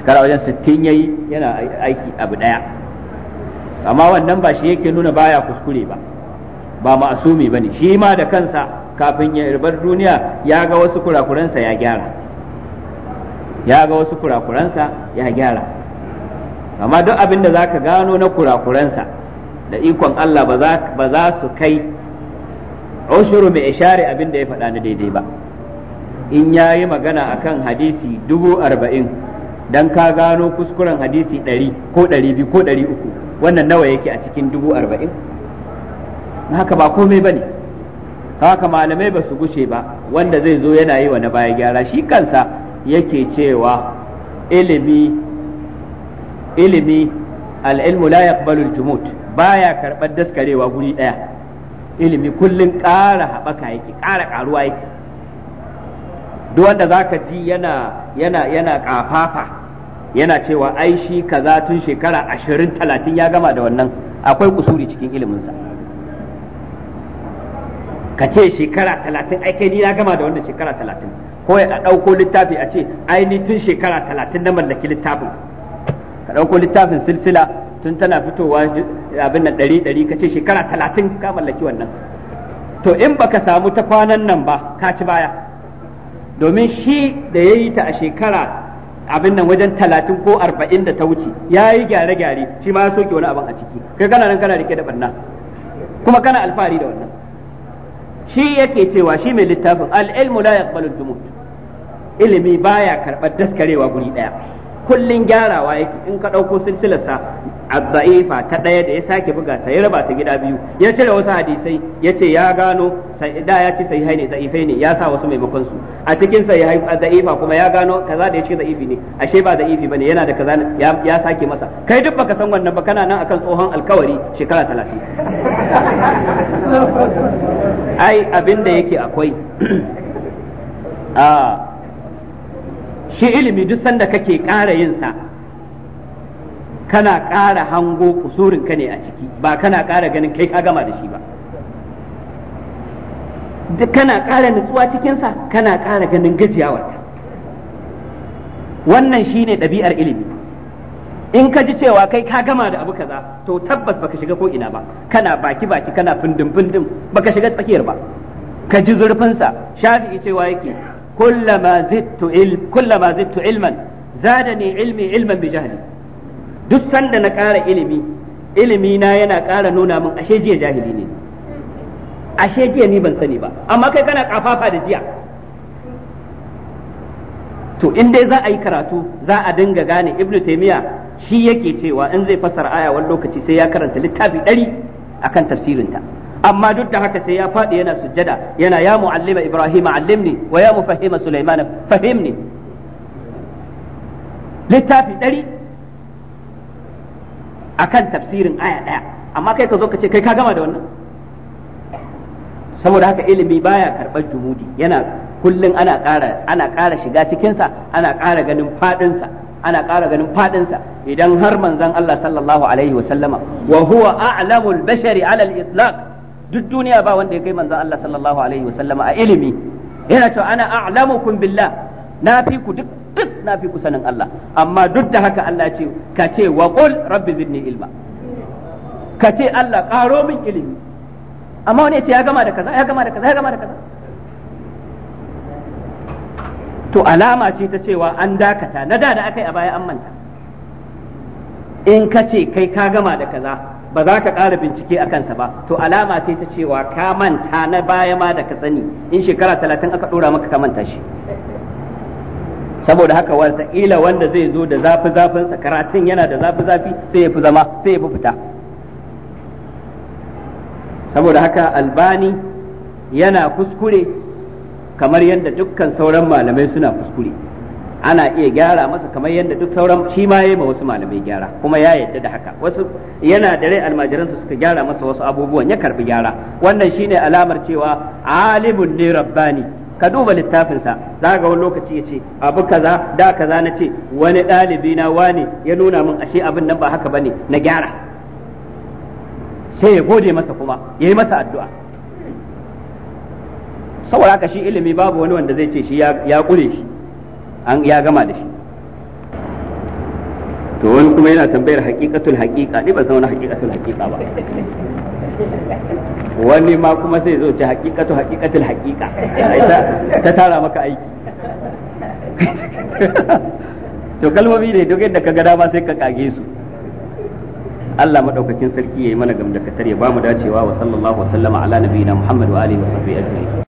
shekara wajen 60 yayi yana aiki abu daya amma wannan ba shi yake nuna baya kuskure ba ba ma'asumi bane shi ma da kansa kafin ya irbar duniya ya ga wasu kurakuransa ya gyara ya ga wasu kurakuransa ya gyara amma duk abin da zaka gano na kurakuransa da ikon Allah ba za su kai ushuru mai ishari abin da ya faɗa na daidai ba in ya yi magana a kan hadisi dubu arba'in don ka gano kuskuren hadisi ɗari ko ɗari biyu ko ɗari uku wannan nawa yake a cikin dubu arba'in Na haka ba komai ba ne haka malamai ba su gushe ba wanda zai zo yana yi wa na baya gyara shi kansa yake cewa ilimi ilimi al'ilmu la yaqbalu al-jumut baya karɓar daskarewa guri ɗaya ilimi kullum ƙara haɓaka yake ƙara ƙaruwa yake duk wanda ka ji yana yana yana ƙafafa yana cewa ai shi kaza tun shekara ashirin talatin ya gama da wannan akwai kusuri cikin iliminsa ka ce shekara talatin ai kai ni na gama da wannan shekara talatin ko ya ɗauko littafi a ce ai ni tun shekara talatin na mallaki littafin ka ɗauko littafin silsila tun tana fitowa abin nan ɗari ɗari ka ce shekara talatin ka mallaki wannan to in baka samu ta kwanan nan ba ka ci baya domin shi da ya yi ta a shekara abin nan wajen talatin ko arba'in da ta wuce ya yi gyare-gyare shi ma ya soke wani abin a ciki kai kana nan kana rike da barna kuma kana alfahari da wannan shi yake cewa shi mai littafin al-ilmu la yaqbalu dumut ilimi baya karɓar daskarewa guri ɗaya kullun gyarawa yake in ka ɗauko silsilarsa za'ifa ta ɗaya da ya sake buga ta ya raba ta gida biyu ya cire wasu hadisai ya ce ya gano da ya ci sahihai ne za'ifai ne ya sa wasu maimakon su a cikin sahihai za'ifa kuma ya gano kaza da ya ce za'ifi ne ashe ba za'ifi bane yana da kaza ya sake masa kai duk baka san wannan ba kana nan akan tsohon alkawari shekara talatin. ai abin da yake akwai a shi ilimi duk sanda kake ƙara yin sa kana ƙara hango kusurin ka ne a ciki ba kana ƙara ganin kai ka gama da shi ba duk kana ƙara nutsuwa cikinsa kana ƙara ganin gajiyawar. wannan shine ɗabi'ar ilimi in ka ji cewa kai ka gama da abu kaza to tabbas baka shiga ko ina ba kana baki baki kana findin findin baka shiga tsakiyar ba ka ji zurfinsa shafi'i cewa yake كلما زدت علم كلما زدت علما زادني علمي علما بجهلي duk sanda na ƙara ilimi ilimi yana ƙara nuna min ashe jiya jahili ne ashe jiya ni ban sani ba amma kai kana kafafa da jiya to in dai za a yi karatu za a dinga gane ibnu taymiya shi yake cewa in zai fasara aya wani lokaci sai ya karanta littafi ɗari akan tafsirinta amma duk da haka sai ya faɗi yana sujjada yana ya mu'allima ibrahim allimni wa ya mufahima sulaiman fahimni littafi ɗari a kan tafsirin aya ɗaya amma kai ka zo ka ce kai ka gama da wannan saboda haka ilimi baya karɓar jumudi yana kullum ana ƙara ana ƙara shiga cikinsa ana ƙara ganin faɗinsa ana ƙara ganin faɗinsa idan har manzon Allah sallallahu alaihi wa sallama wa huwa a'lamul bashari ala al-itlaq duk duniya ba wanda ya kai manzon Allah sallallahu alaihi wasallama a ilimi yana cewa ana a'lamukum billah na fi ku duk duk na fi ku sanin Allah amma duk da haka Allah ce ka ce wa qul rabbi zidni ilma ka ce Allah karo min ilimi amma wani ya ce ya gama da kaza ya gama da kaza ya gama da kaza to alama ce ta cewa an dakata na da da aka yi a baya an manta in ka ce kai ka gama da kaza ba za ka ƙara bincike a kansa ba to alama ce ta cewa ka manta na baya ma da ka sani in shekara talatin aka ɗora maka ka manta shi saboda haka ila wanda zai zo da zafi sa karatun yana da zafi zafi sai ya fi zama sai ya fi fita saboda haka albani yana kuskure kamar yadda dukkan sauran malamai suna kuskure ana iya gyara masa kamar yadda duk sauran shi ma yayi ma wasu malamai gyara kuma ya yadda da haka wasu yana da rai almajiransa suka gyara masa wasu abubuwan ya karbi gyara wannan shine alamar cewa alimun ne rabbani ka duba littafinsa za ga wani lokaci ya ce abu kaza da kaza na ce wani ɗalibi na wani ya nuna min ashe abin nan ba haka ba ne na gyara sai ya gode masa kuma ya yi masa addu'a saboda haka shi ilimi babu wani wanda zai ce shi ya kure shi an ya gama da shi to wani kuma yana tambayar haƙiƙatul haƙiƙa ni ba san wani haƙiƙatul haƙiƙa ba wani ma kuma sai zo ce haƙiƙatul haƙiƙatul haƙiƙa ta tara maka aiki to kalmomi ne duk yadda ka ga dama sai ka kage su Allah madaukakin sarki yayi mana gamdakatar ya bamu dacewa wa sallallahu alaihi wa sallama ala nabiyina Muhammad wa alihi wa sahbihi ajma'in